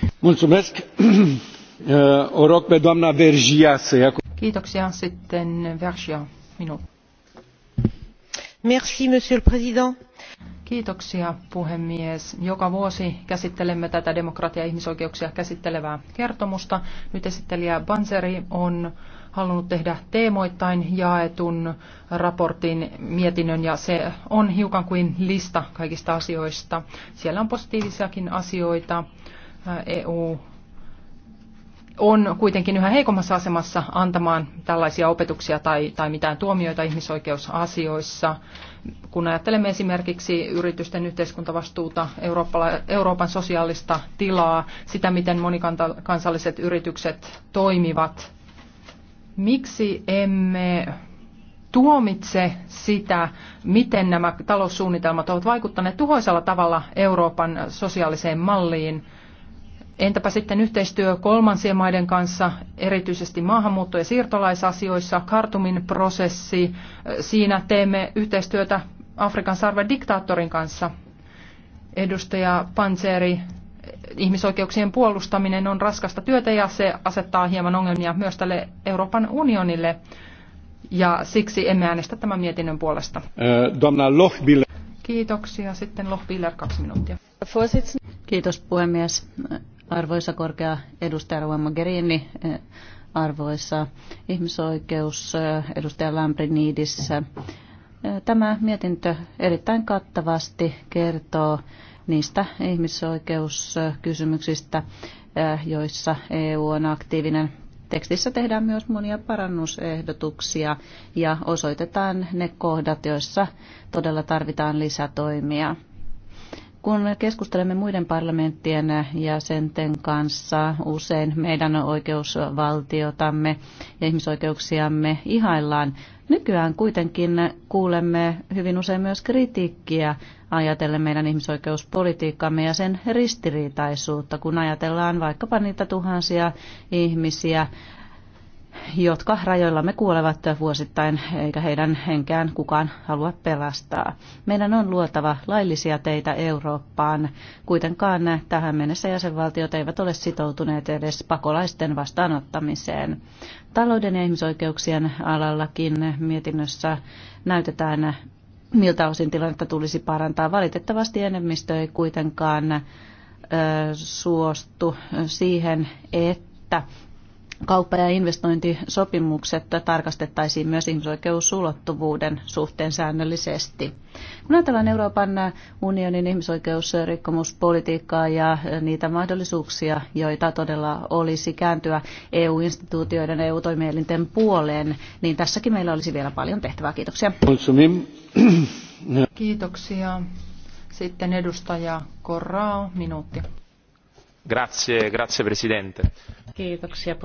[SPEAKER 1] Kiitoksia. Sitten Vergia, minuutti. Merci, monsieur le président. Kiitoksia puhemies. Joka vuosi käsittelemme tätä demokratia- ja ihmisoikeuksia käsittelevää kertomusta. Nyt esittelijä Banseri on halunnut tehdä teemoittain jaetun raportin mietinnön ja se on hiukan kuin lista kaikista asioista. Siellä on positiivisiakin asioita. EU on kuitenkin yhä heikommassa asemassa antamaan tällaisia opetuksia tai, tai mitään tuomioita ihmisoikeusasioissa. Kun ajattelemme esimerkiksi yritysten yhteiskuntavastuuta, Eurooppa, Euroopan sosiaalista tilaa, sitä miten monikansalliset yritykset toimivat, Miksi emme tuomitse sitä, miten nämä taloussuunnitelmat ovat vaikuttaneet tuhoisella tavalla Euroopan sosiaaliseen malliin? Entäpä sitten yhteistyö kolmansien maiden kanssa, erityisesti maahanmuutto- ja siirtolaisasioissa, kartumin prosessi, siinä teemme yhteistyötä Afrikan sarven diktaattorin kanssa. Edustaja Panseri, ihmisoikeuksien puolustaminen on raskasta työtä ja se asettaa hieman ongelmia myös tälle Euroopan unionille. Ja siksi emme äänestä tämän mietinnön puolesta.
[SPEAKER 2] Äh, Lohbiller.
[SPEAKER 1] Kiitoksia. Sitten Lohbiller, kaksi minuuttia. Kiitos puhemies. Arvoisa korkea
[SPEAKER 5] edustaja Rua Mogherini, äh, arvoisa ihmisoikeus, äh, edustaja Lambrinidis. Tämä mietintö erittäin kattavasti kertoo niistä ihmisoikeuskysymyksistä, joissa EU on aktiivinen. Tekstissä tehdään myös monia parannusehdotuksia ja osoitetaan ne kohdat, joissa todella tarvitaan lisätoimia. Kun keskustelemme muiden parlamenttien jäsenten kanssa, usein meidän oikeusvaltiotamme ja ihmisoikeuksiamme ihaillaan. Nykyään kuitenkin kuulemme hyvin usein myös kritiikkiä ajatellen meidän ihmisoikeuspolitiikkamme ja sen ristiriitaisuutta, kun ajatellaan vaikkapa niitä tuhansia ihmisiä, jotka rajoillamme kuolevat vuosittain, eikä heidän henkään kukaan halua pelastaa. Meidän on luotava laillisia teitä Eurooppaan. Kuitenkaan tähän mennessä jäsenvaltiot eivät ole sitoutuneet edes pakolaisten vastaanottamiseen. Talouden ja ihmisoikeuksien alallakin mietinnössä näytetään, miltä osin tilannetta tulisi parantaa. Valitettavasti enemmistö ei kuitenkaan suostu siihen, että että kauppa- ja investointisopimukset tarkastettaisiin myös ihmisoikeusulottuvuuden suhteen säännöllisesti. Kun ajatellaan Euroopan unionin ihmisoikeusrikkomuspolitiikkaa ja niitä mahdollisuuksia, joita todella olisi kääntyä EU-instituutioiden ja e EU-toimielinten puoleen, niin tässäkin
[SPEAKER 1] meillä olisi vielä paljon tehtävää. Kiitoksia.
[SPEAKER 4] Kiitoksia.
[SPEAKER 3] Sitten edustaja Korrao, minuutti
[SPEAKER 1] arvoisa
[SPEAKER 3] Kiitoksia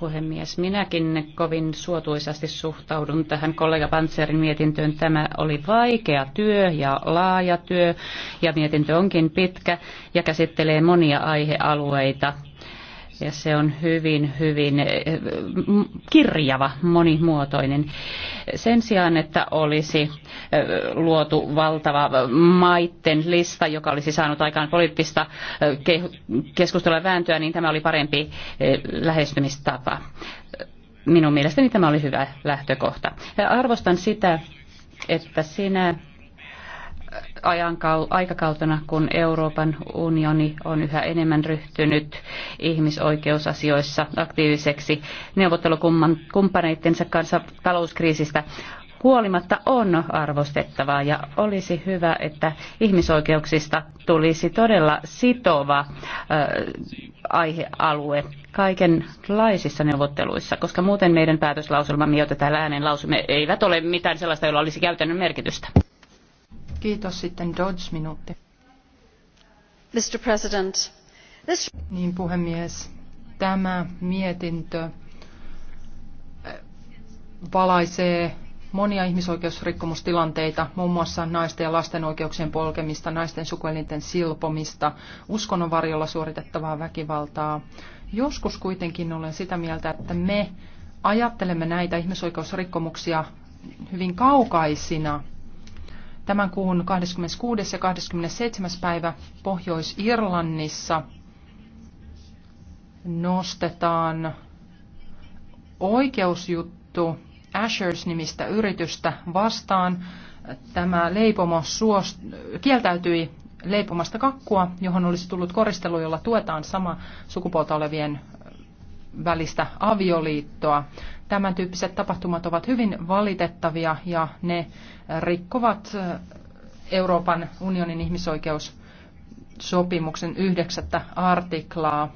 [SPEAKER 3] puhemies. Minäkin kovin suotuisasti suhtaudun tähän kollega Panzerin mietintöön. Tämä oli vaikea työ ja laaja työ ja mietintö onkin pitkä ja käsittelee monia aihealueita ja se on hyvin, hyvin eh, kirjava, monimuotoinen. Sen sijaan, että olisi eh, luotu valtava maitten lista, joka olisi saanut aikaan poliittista eh, keskustelua ja vääntöä, niin tämä oli parempi lähestymistapa. Minun mielestäni tämä oli hyvä lähtökohta. Ja arvostan sitä, että sinä aikakautena, kun Euroopan unioni on yhä enemmän ryhtynyt ihmisoikeusasioissa aktiiviseksi neuvottelukumppaneittensa kanssa talouskriisistä huolimatta on arvostettavaa ja olisi hyvä, että ihmisoikeuksista tulisi todella sitova aihealue kaikenlaisissa neuvotteluissa, koska muuten meidän päätöslauselmamme, joita täällä äänen lausumme, eivät ole mitään sellaista, jolla olisi käytännön merkitystä.
[SPEAKER 1] Kiitos sitten Dodge minuutti. Mr. President. This... Niin puhemies, tämä mietintö eh, valaisee monia ihmisoikeusrikkomustilanteita, muun muassa naisten ja lasten oikeuksien polkemista, naisten sukuelinten silpomista, uskonnon varjolla suoritettavaa väkivaltaa. Joskus kuitenkin olen sitä mieltä, että me ajattelemme näitä ihmisoikeusrikkomuksia hyvin kaukaisina tämän kuun 26. ja 27. päivä Pohjois-Irlannissa nostetaan oikeusjuttu Ashers-nimistä yritystä vastaan. Tämä leipomo suost- kieltäytyi leipomasta kakkua, johon olisi tullut koristelu, jolla tuetaan sama sukupuolta olevien välistä avioliittoa. Tämän tyyppiset tapahtumat ovat hyvin valitettavia ja ne rikkovat Euroopan unionin ihmisoikeussopimuksen yhdeksättä artiklaa.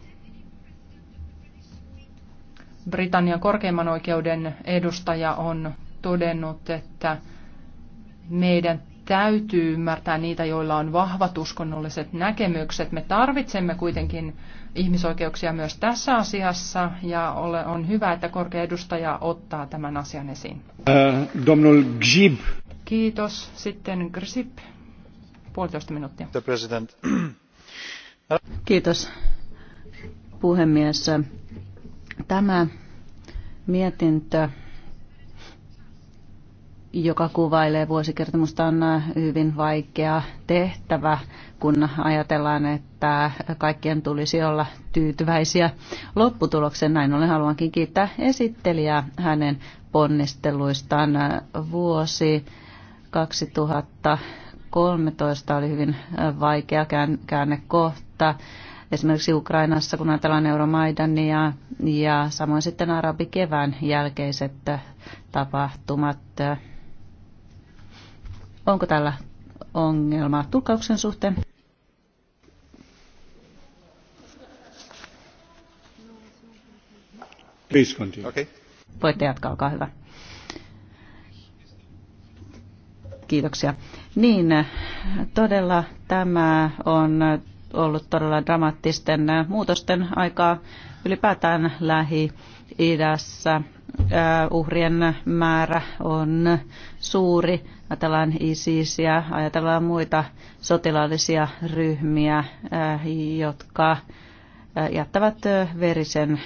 [SPEAKER 1] Britannian korkeimman oikeuden edustaja on todennut, että meidän täytyy ymmärtää niitä, joilla on vahvat uskonnolliset näkemykset. Me tarvitsemme kuitenkin ihmisoikeuksia myös tässä asiassa ja ole, on hyvä, että korkea edustaja ottaa tämän asian esiin.
[SPEAKER 2] Äh, domnul Gzib.
[SPEAKER 1] Kiitos. Sitten Grzib. Puolitoista minuuttia. Kiitos
[SPEAKER 5] puhemies. Tämä mietintö joka kuvailee vuosikertomusta, on äh, hyvin vaikea tehtävä, kun ajatellaan, että kaikkien tulisi olla tyytyväisiä lopputulokseen. Näin ollen haluankin kiittää esittelijää hänen ponnisteluistaan. Äh, vuosi 2013 oli hyvin äh, vaikea käännekohta. Esimerkiksi Ukrainassa, kun ajatellaan Euromaidania ja samoin sitten arabikevään jälkeiset tapahtumat Onko tällä ongelmaa tulkauksen suhteen?
[SPEAKER 2] Please continue. Okay.
[SPEAKER 5] Voitte jatkaa, olkaa hyvä. Kiitoksia. Niin, todella tämä on ollut todella dramaattisten muutosten aikaa ylipäätään Lähi-idässä. Äh, uhrien määrä on suuri. Ajatellaan ISISiä, ajatellaan muita sotilaallisia ryhmiä, äh, jotka äh, jättävät äh, verisen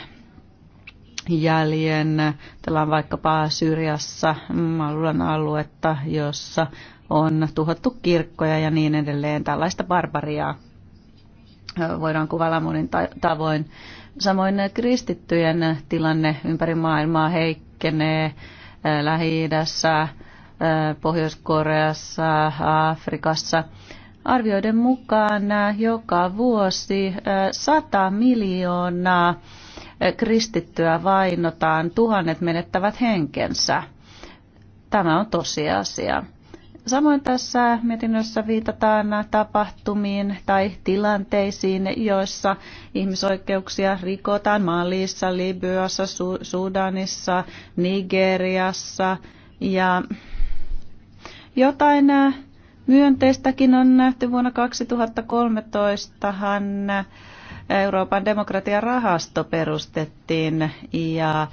[SPEAKER 5] jäljen. Täällä on vaikkapa Syyriassa Malulan aluetta, jossa on tuhottu kirkkoja ja niin edelleen. Tällaista barbariaa voidaan kuvailla monin tavoin. Samoin kristittyjen tilanne ympäri maailmaa heikkenee. Lähi-idässä Pohjois-Koreassa, Afrikassa. Arvioiden mukaan joka vuosi 100 miljoonaa kristittyä vainotaan, tuhannet menettävät henkensä. Tämä on tosiasia. Samoin tässä mietinnössä viitataan tapahtumiin tai tilanteisiin, joissa ihmisoikeuksia rikotaan Malissa, Libyassa, Sudanissa, Nigeriassa ja jotain äh, myönteistäkin on nähty vuonna 2013 äh, Euroopan demokratiarahasto perustettiin ja äh,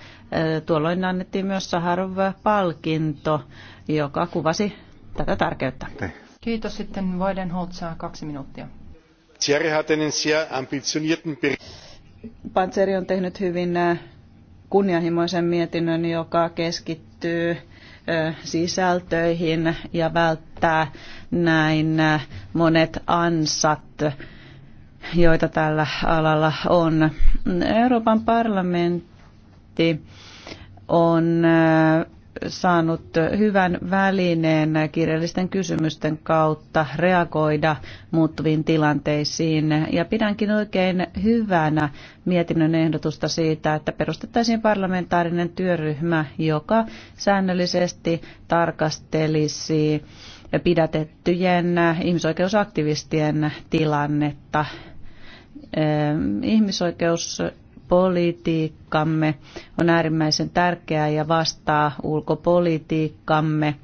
[SPEAKER 5] tuolloin annettiin myös Saharov-palkinto,
[SPEAKER 1] joka kuvasi tätä tärkeyttä. Niin. Kiitos sitten Voiden Holtsaa, kaksi minuuttia.
[SPEAKER 5] Panzeri on tehnyt hyvin kunnianhimoisen mietinnön, joka keskittyy sisältöihin ja välttää näin monet ansat, joita tällä alalla on. Euroopan parlamentti on saanut hyvän välineen kirjallisten kysymysten kautta reagoida muuttuviin tilanteisiin. Ja pidänkin oikein hyvänä mietinnön ehdotusta siitä, että perustettaisiin parlamentaarinen työryhmä, joka säännöllisesti tarkastelisi pidätettyjen ihmisoikeusaktivistien tilannetta ehm, ihmisoikeus politiikkamme on äärimmäisen tärkeää ja vastaa ulkopolitiikkamme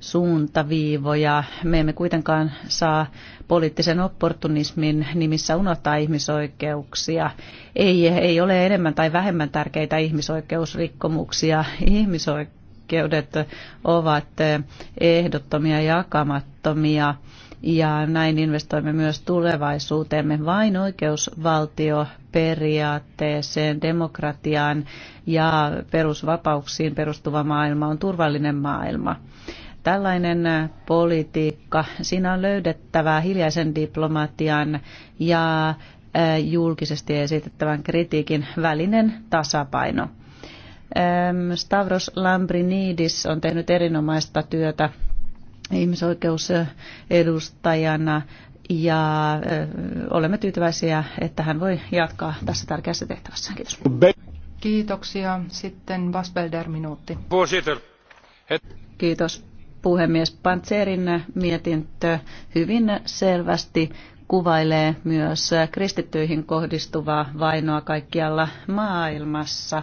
[SPEAKER 5] suuntaviivoja. Me emme kuitenkaan saa poliittisen opportunismin nimissä unohtaa ihmisoikeuksia. Ei, ei ole enemmän tai vähemmän tärkeitä ihmisoikeusrikkomuksia. Ihmisoikeudet ovat ehdottomia ja jakamattomia ja näin investoimme myös tulevaisuuteemme. Vain periaatteeseen demokratiaan ja perusvapauksiin perustuva maailma on turvallinen maailma. Tällainen politiikka, siinä on löydettävää hiljaisen diplomatian ja julkisesti esitettävän kritiikin välinen tasapaino. Stavros Lambrinidis on tehnyt erinomaista työtä ihmisoikeusedustajana ja olemme tyytyväisiä, että hän voi jatkaa tässä tärkeässä tehtävässä. Kiitos. Kiitoksia. Sitten Basbelder minuutti. Kiitos puhemies. Pantserin mietintö hyvin selvästi kuvailee myös kristittyihin kohdistuvaa vainoa kaikkialla maailmassa.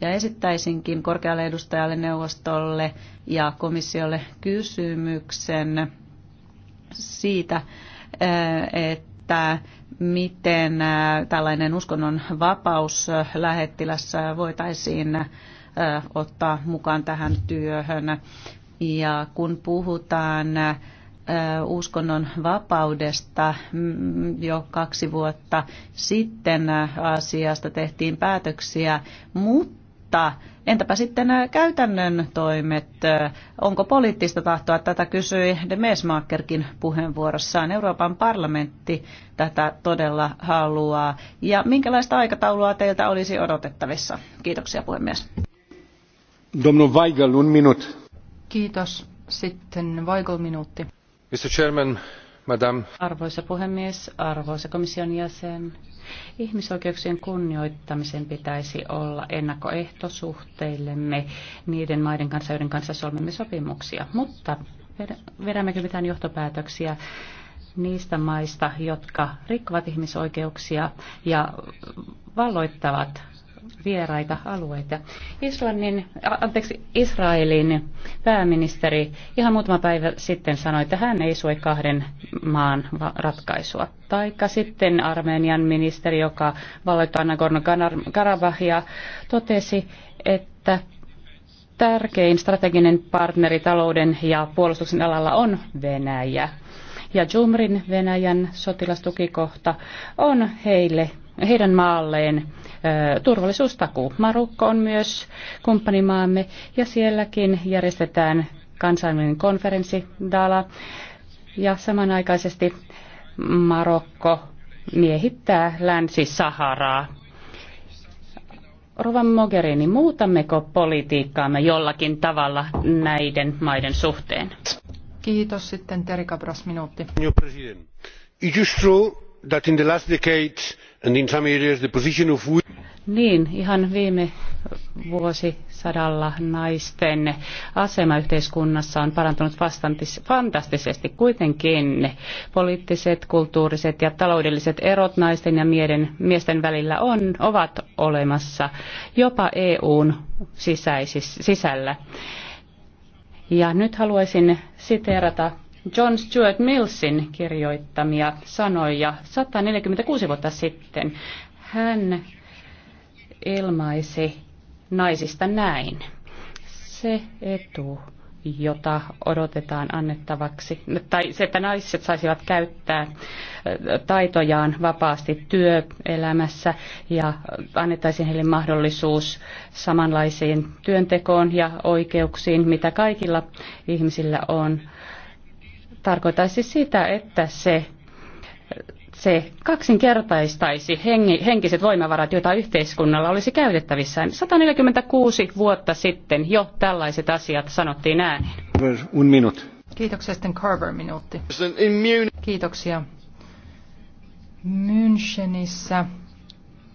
[SPEAKER 5] Ja esittäisinkin korkealle edustajalle neuvostolle ja komissiolle kysymyksen siitä, eh, että miten eh, tällainen uskonnon vapaus eh, lähettilässä voitaisiin ottaa mukaan tähän työhön. Ja kun puhutaan uskonnon vapaudesta mm, jo kaksi vuotta sitten asiasta tehtiin päätöksiä, mutta entäpä sitten käytännön toimet? Onko poliittista tahtoa? Tätä kysyi De Mesmakerkin puheenvuorossaan. Euroopan parlamentti tätä todella haluaa. Ja minkälaista aikataulua teiltä olisi odotettavissa? Kiitoksia puhemies.
[SPEAKER 2] Domnu Weigel, un minut.
[SPEAKER 3] Kiitos. Sitten Weigel minuutti. Arvoisa puhemies, arvoisa komission jäsen, ihmisoikeuksien kunnioittamisen pitäisi olla ennakkoehto suhteillemme niiden maiden kanssa, joiden kanssa solmimme sopimuksia. Mutta vedämmekö mitään johtopäätöksiä niistä maista, jotka rikkovat ihmisoikeuksia ja valloittavat vieraita alueita. Islannin, anteeksi, Israelin pääministeri ihan muutama päivä sitten sanoi, että hän ei sue kahden maan ratkaisua. Taikka sitten Armenian ministeri, joka valloittaa Nagorno-Karabahia, totesi, että tärkein strateginen partneri talouden ja puolustuksen alalla on Venäjä. Ja Jumrin Venäjän sotilastukikohta on heille, heidän maalleen turvallisuustakuu. Marukko on myös kumppanimaamme ja sielläkin järjestetään kansainvälinen konferenssi Dala ja samanaikaisesti Marokko miehittää Länsi-Saharaa. Rovan Mogherini, muutammeko politiikkaamme jollakin tavalla näiden maiden suhteen? Kiitos. Sitten Terry Cabras, minuutti.
[SPEAKER 2] It is true that in the last decade and in some areas the position of
[SPEAKER 3] niin, ihan viime vuosisadalla naisten asema yhteiskunnassa on parantunut fantastisesti. Kuitenkin poliittiset, kulttuuriset ja taloudelliset erot naisten ja mieden, miesten välillä on, ovat olemassa jopa EUn sisäisis, sisällä. Ja nyt haluaisin siteerata John Stuart Millsin kirjoittamia sanoja 146 vuotta sitten. Hän ilmaisi naisista näin. Se etu, jota odotetaan annettavaksi, tai se, että naiset saisivat käyttää taitojaan vapaasti työelämässä ja annettaisiin heille mahdollisuus samanlaisiin työntekoon ja oikeuksiin, mitä kaikilla ihmisillä on, tarkoittaisi sitä, että se se kaksinkertaistaisi henkiset voimavarat, joita yhteiskunnalla olisi käytettävissään. 146 vuotta sitten jo tällaiset asiat sanottiin ääneen. Un minut. Kiitoksia sitten
[SPEAKER 1] Carver minuutti. Kiitoksia. Münchenissä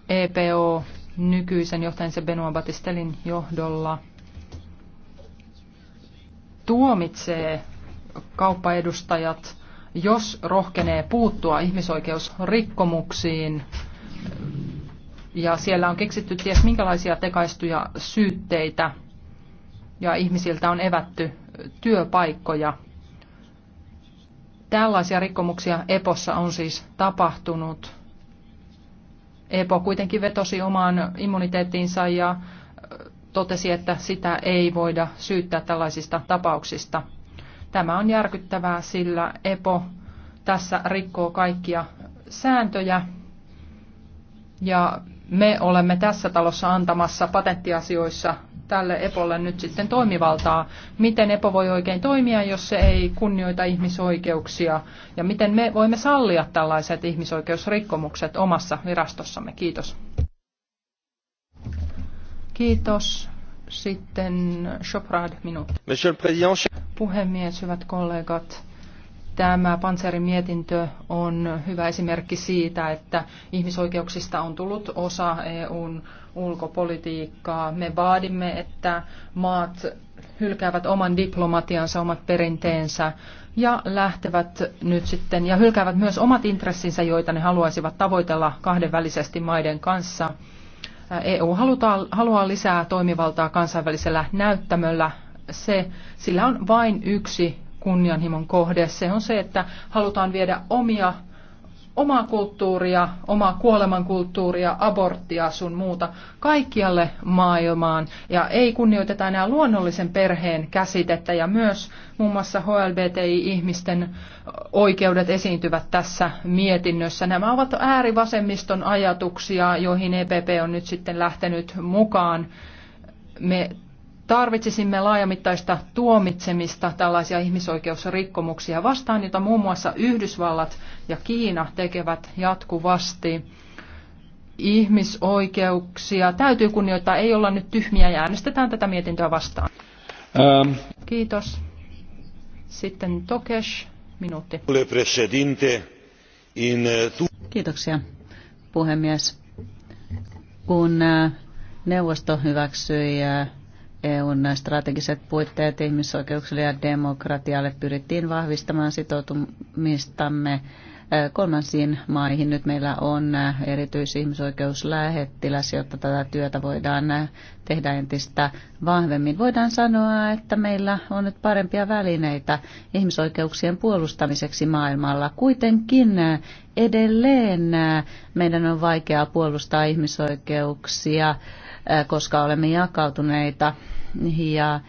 [SPEAKER 1] EPO nykyisen johtajansa Benoit Batistelin johdolla tuomitsee kauppaedustajat jos rohkenee puuttua ihmisoikeusrikkomuksiin, ja siellä on keksitty ties minkälaisia tekaistuja syytteitä, ja ihmisiltä on evätty työpaikkoja. Tällaisia rikkomuksia EPOssa on siis tapahtunut. EPO kuitenkin vetosi omaan immuniteettiinsa ja totesi, että sitä ei voida syyttää tällaisista tapauksista. Tämä on järkyttävää, sillä EPO tässä rikkoo kaikkia sääntöjä ja me olemme tässä talossa antamassa patenttiasioissa tälle EPOlle nyt sitten toimivaltaa. Miten EPO voi oikein toimia, jos se ei kunnioita ihmisoikeuksia? Ja miten me voimme sallia tällaiset ihmisoikeusrikkomukset omassa virastossamme? Kiitos. Kiitos. Sitten Shoprad, minuutti. Monsieur le Président. Puhemies, hyvät kollegat. Tämä Panzerin mietintö on hyvä esimerkki siitä, että ihmisoikeuksista on tullut osa EUn ulkopolitiikkaa. Me vaadimme, että maat hylkäävät oman diplomatiansa, omat perinteensä ja lähtevät nyt sitten ja hylkäävät myös omat intressinsä, joita ne haluaisivat tavoitella kahdenvälisesti maiden kanssa. EU halutaan, haluaa lisää toimivaltaa kansainvälisellä näyttämöllä. Se, sillä on vain yksi kunnianhimon kohde. Se on se, että halutaan viedä omia omaa kulttuuria, omaa kuolemankulttuuria, aborttia sun muuta kaikkialle maailmaan. Ja ei kunnioiteta enää luonnollisen perheen käsitettä ja myös muun mm. muassa HLBTI-ihmisten oikeudet esiintyvät tässä mietinnössä. Nämä ovat äärivasemmiston ajatuksia, joihin EPP on nyt sitten lähtenyt mukaan. Me Tarvitsisimme laajamittaista tuomitsemista tällaisia ihmisoikeusrikkomuksia vastaan, jota muun muassa Yhdysvallat ja Kiina tekevät jatkuvasti. Ihmisoikeuksia täytyy kunnioittaa, ei olla nyt tyhmiä ja äänestetään tätä mietintöä vastaan. Ähm. Kiitos. Sitten Tokesh,
[SPEAKER 5] minuutti.
[SPEAKER 2] Eh,
[SPEAKER 5] Kiitoksia, puhemies. Kun eh, neuvosto hyväksyi eh, EUn strategiset puitteet ihmisoikeuksille ja demokratialle pyrittiin vahvistamaan sitoutumistamme kolmansiin maihin. Nyt meillä on erityisihmisoikeuslähettiläs, jotta tätä työtä voidaan tehdä entistä vahvemmin. Voidaan sanoa, että meillä on nyt parempia välineitä ihmisoikeuksien puolustamiseksi maailmalla. Kuitenkin edelleen meidän on vaikeaa puolustaa ihmisoikeuksia koska olemme jakautuneita. Ja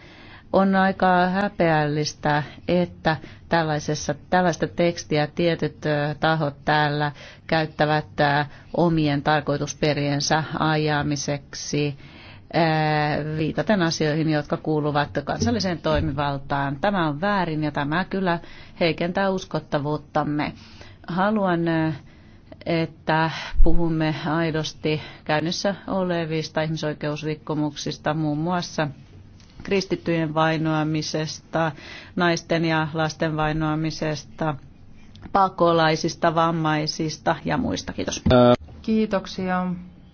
[SPEAKER 5] on aika häpeällistä, että tällaisessa, tällaista tekstiä tietyt tahot täällä käyttävät omien tarkoitusperiensä ajamiseksi viitaten asioihin, jotka kuuluvat kansalliseen toimivaltaan. Tämä on väärin ja tämä kyllä heikentää uskottavuuttamme. Haluan että puhumme aidosti käynnissä olevista ihmisoikeusrikkomuksista, muun muassa kristittyjen vainoamisesta, naisten ja lasten vainoamisesta, pakolaisista,
[SPEAKER 1] vammaisista ja muista. Kiitos. Kiitoksia.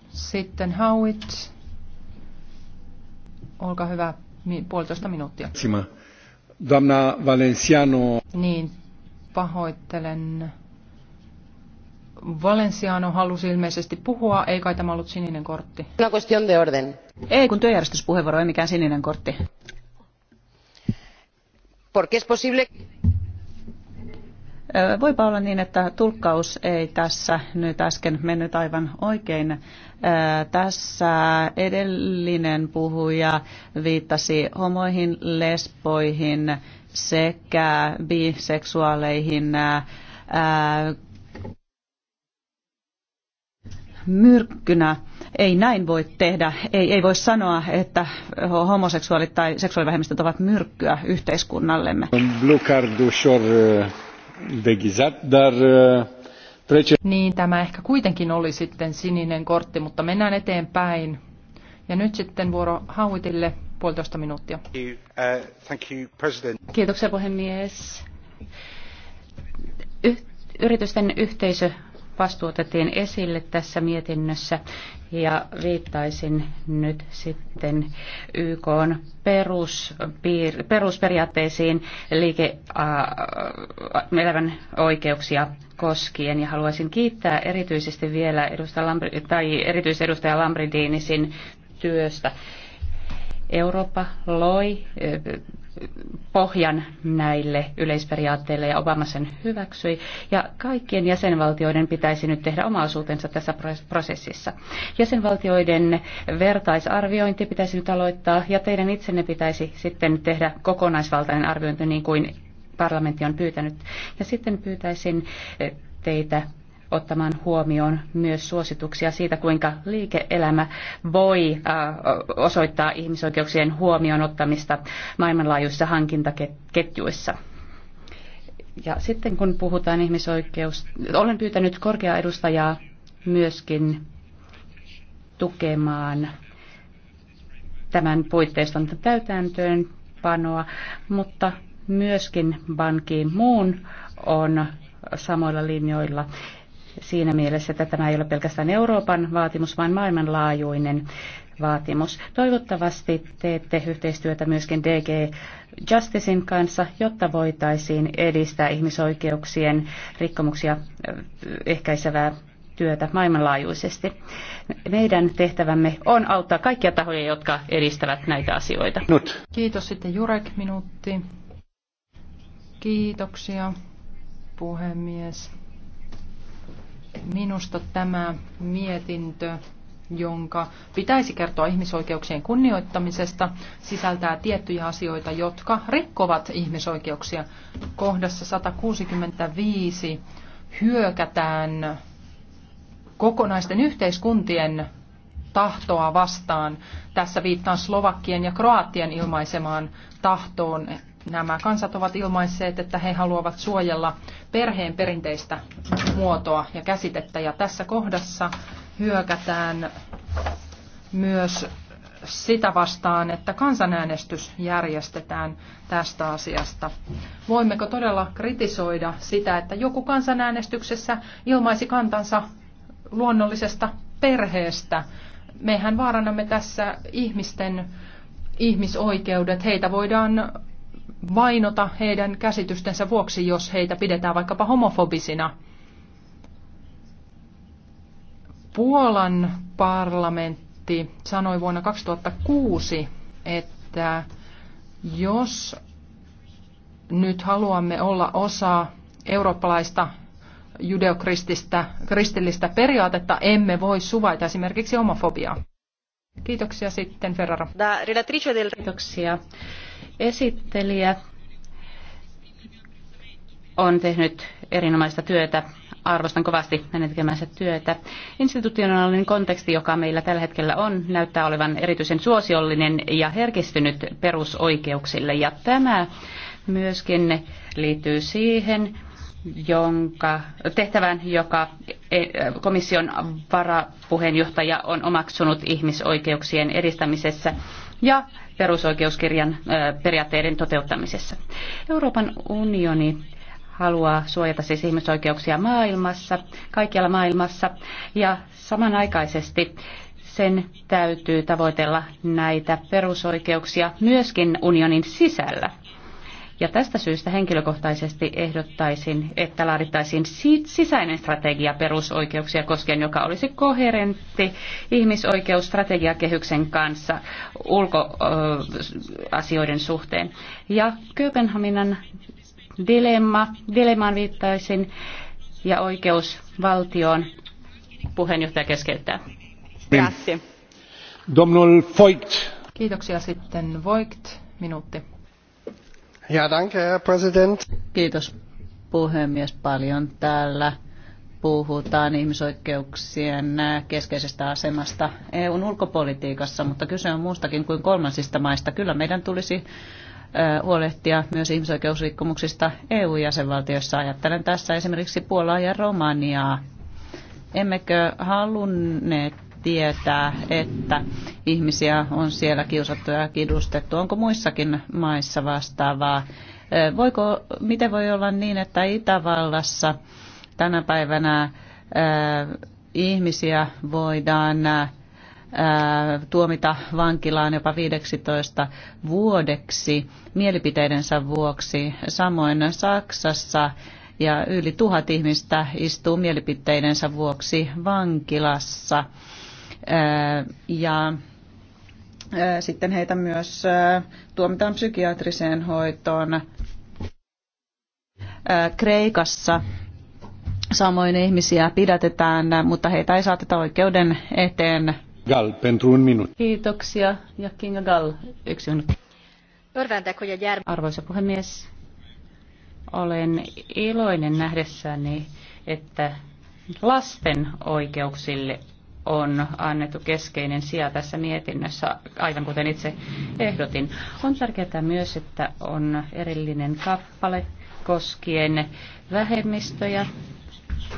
[SPEAKER 1] Sitten Howitt. Olkaa hyvä, puolitoista minuuttia.
[SPEAKER 2] Doamna Valenciano.
[SPEAKER 1] Niin, pahoittelen Valenciano halusi ilmeisesti puhua, ei kai tämä ollut sininen kortti. Una cuestión de orden. Ei, kun työjärjestyspuheenvuoro ei mikään sininen kortti.
[SPEAKER 5] Porque es posible... Voipa olla niin, että tulkkaus ei tässä nyt äsken mennyt aivan oikein. Tässä edellinen puhuja viittasi homoihin, lesboihin sekä biseksuaaleihin, myrkkynä. Ei näin voi tehdä. Ei, ei voi sanoa, että homoseksuaalit tai seksuaalivähemmistöt ovat myrkkyä yhteiskunnallemme.
[SPEAKER 2] E, e,
[SPEAKER 1] niin, tämä ehkä kuitenkin oli sitten sininen kortti, mutta mennään eteenpäin. Ja nyt sitten vuoro Hauitille puolitoista minuuttia.
[SPEAKER 2] Uh,
[SPEAKER 4] Kiitoksia
[SPEAKER 3] puhemies. yritysten yhteisö vastuuta teen esille tässä mietinnössä ja viittaisin nyt sitten YK perusperiaatteisiin liike elävän oikeuksia koskien ja haluaisin kiittää erityisesti vielä edustaja Lambri- tai erityisedustaja Lambridinisin työstä. Eurooppa loi pohjan näille yleisperiaatteille ja Obama sen hyväksyi. Ja kaikkien jäsenvaltioiden pitäisi nyt tehdä oma osuutensa tässä prosessissa. Jäsenvaltioiden vertaisarviointi pitäisi nyt aloittaa ja teidän itsenne pitäisi sitten tehdä kokonaisvaltainen arviointi niin kuin parlamentti on pyytänyt. Ja sitten pyytäisin eh, teitä ottamaan huomioon myös suosituksia siitä, kuinka liike-elämä voi osoittaa ihmisoikeuksien huomioon ottamista maailmanlaajuisissa hankintaketjuissa. Ja sitten kun puhutaan ihmisoikeus, olen pyytänyt korkeaa edustajaa myöskin tukemaan tämän puitteiston panoa, mutta myöskin Ban Ki-moon on samoilla linjoilla siinä mielessä, että tämä ei ole pelkästään Euroopan vaatimus, vaan maailmanlaajuinen vaatimus. Toivottavasti teette yhteistyötä myöskin DG Justicein kanssa, jotta voitaisiin edistää ihmisoikeuksien rikkomuksia äh, ehkäisevää työtä maailmanlaajuisesti. Meidän tehtävämme on auttaa kaikkia tahoja, jotka edistävät näitä asioita. Nyt. Kiitos sitten Jurek minuutti.
[SPEAKER 1] Kiitoksia puhemies. Minusta tämä mietintö, jonka pitäisi kertoa ihmisoikeuksien kunnioittamisesta, sisältää tiettyjä asioita, jotka rikkovat ihmisoikeuksia. Kohdassa 165 hyökätään kokonaisten yhteiskuntien tahtoa vastaan. Tässä viittaan Slovakkien ja Kroatien ilmaisemaan tahtoon nämä kansat ovat ilmaisseet, että he haluavat suojella perheen perinteistä muotoa ja käsitettä. Ja tässä kohdassa hyökätään myös sitä vastaan, että kansanäänestys järjestetään tästä asiasta. Voimmeko todella kritisoida sitä, että joku kansanäänestyksessä ilmaisi kantansa luonnollisesta perheestä? Mehän vaarannamme tässä ihmisten ihmisoikeudet. Heitä voidaan vainota heidän käsitystensä vuoksi, jos heitä pidetään vaikkapa homofobisina. Puolan parlamentti sanoi vuonna 2006, että jos nyt haluamme olla osa eurooppalaista judeokrististä kristillistä periaatetta, emme voi suvaita esimerkiksi homofobiaa. Kiitoksia sitten Ferrara. Kiitoksia. Esittelijä
[SPEAKER 3] on tehnyt erinomaista työtä. Arvostan kovasti hänen tekemänsä työtä. Institutionaalinen konteksti, joka meillä tällä hetkellä on, näyttää olevan erityisen suosiollinen ja herkistynyt perusoikeuksille. Ja tämä myöskin liittyy siihen, jonka, tehtävän, joka e, komission varapuheenjohtaja on omaksunut ihmisoikeuksien edistämisessä ja perusoikeuskirjan e, periaatteiden toteuttamisessa. Euroopan unioni haluaa suojata siis ihmisoikeuksia maailmassa, kaikkialla maailmassa ja samanaikaisesti sen täytyy tavoitella näitä perusoikeuksia myöskin unionin sisällä. Ja tästä syystä henkilökohtaisesti ehdottaisin, että laadittaisiin sisäinen strategia perusoikeuksia koskien, joka olisi koherentti ihmisoikeusstrategiakehyksen kanssa ulkoasioiden suhteen. Ja Kööpenhaminan dilemma, dilemmaan viittaisin ja oikeusvaltioon. Puheenjohtaja keskeyttää.
[SPEAKER 2] Domnul Voigt.
[SPEAKER 3] Kiitoksia
[SPEAKER 1] sitten Voigt. Minuutti.
[SPEAKER 5] Ja, danke, Herr Kiitos puhemies. Paljon täällä puhutaan ihmisoikeuksien keskeisestä asemasta EUn ulkopolitiikassa, mutta kyse on muustakin kuin kolmansista maista. Kyllä meidän tulisi huolehtia myös ihmisoikeusrikkomuksista EU-jäsenvaltioissa. Ajattelen tässä esimerkiksi Puolaa ja Romaniaa. Emmekö halunneet tietää, että ihmisiä on siellä kiusattu ja kidustettu. Onko muissakin maissa vastaavaa? Voiko, miten voi olla niin, että Itävallassa tänä päivänä ihmisiä voidaan tuomita vankilaan jopa 15 vuodeksi mielipiteidensä vuoksi. Samoin Saksassa ja yli tuhat ihmistä istuu mielipiteidensä vuoksi vankilassa ja sitten heitä myös tuomitaan psykiatriseen hoitoon. Kreikassa samoin ihmisiä pidätetään, mutta heitä ei saateta oikeuden eteen.
[SPEAKER 2] Gal, pentruun minuut.
[SPEAKER 3] Kiitoksia. Ja Kinga Gall, yksi minuutti. Arvoisa puhemies, olen iloinen nähdessäni, että lasten oikeuksille on annettu keskeinen sija tässä mietinnössä, aivan kuten itse ehdotin. On tärkeää myös, että on erillinen kappale koskien vähemmistöjä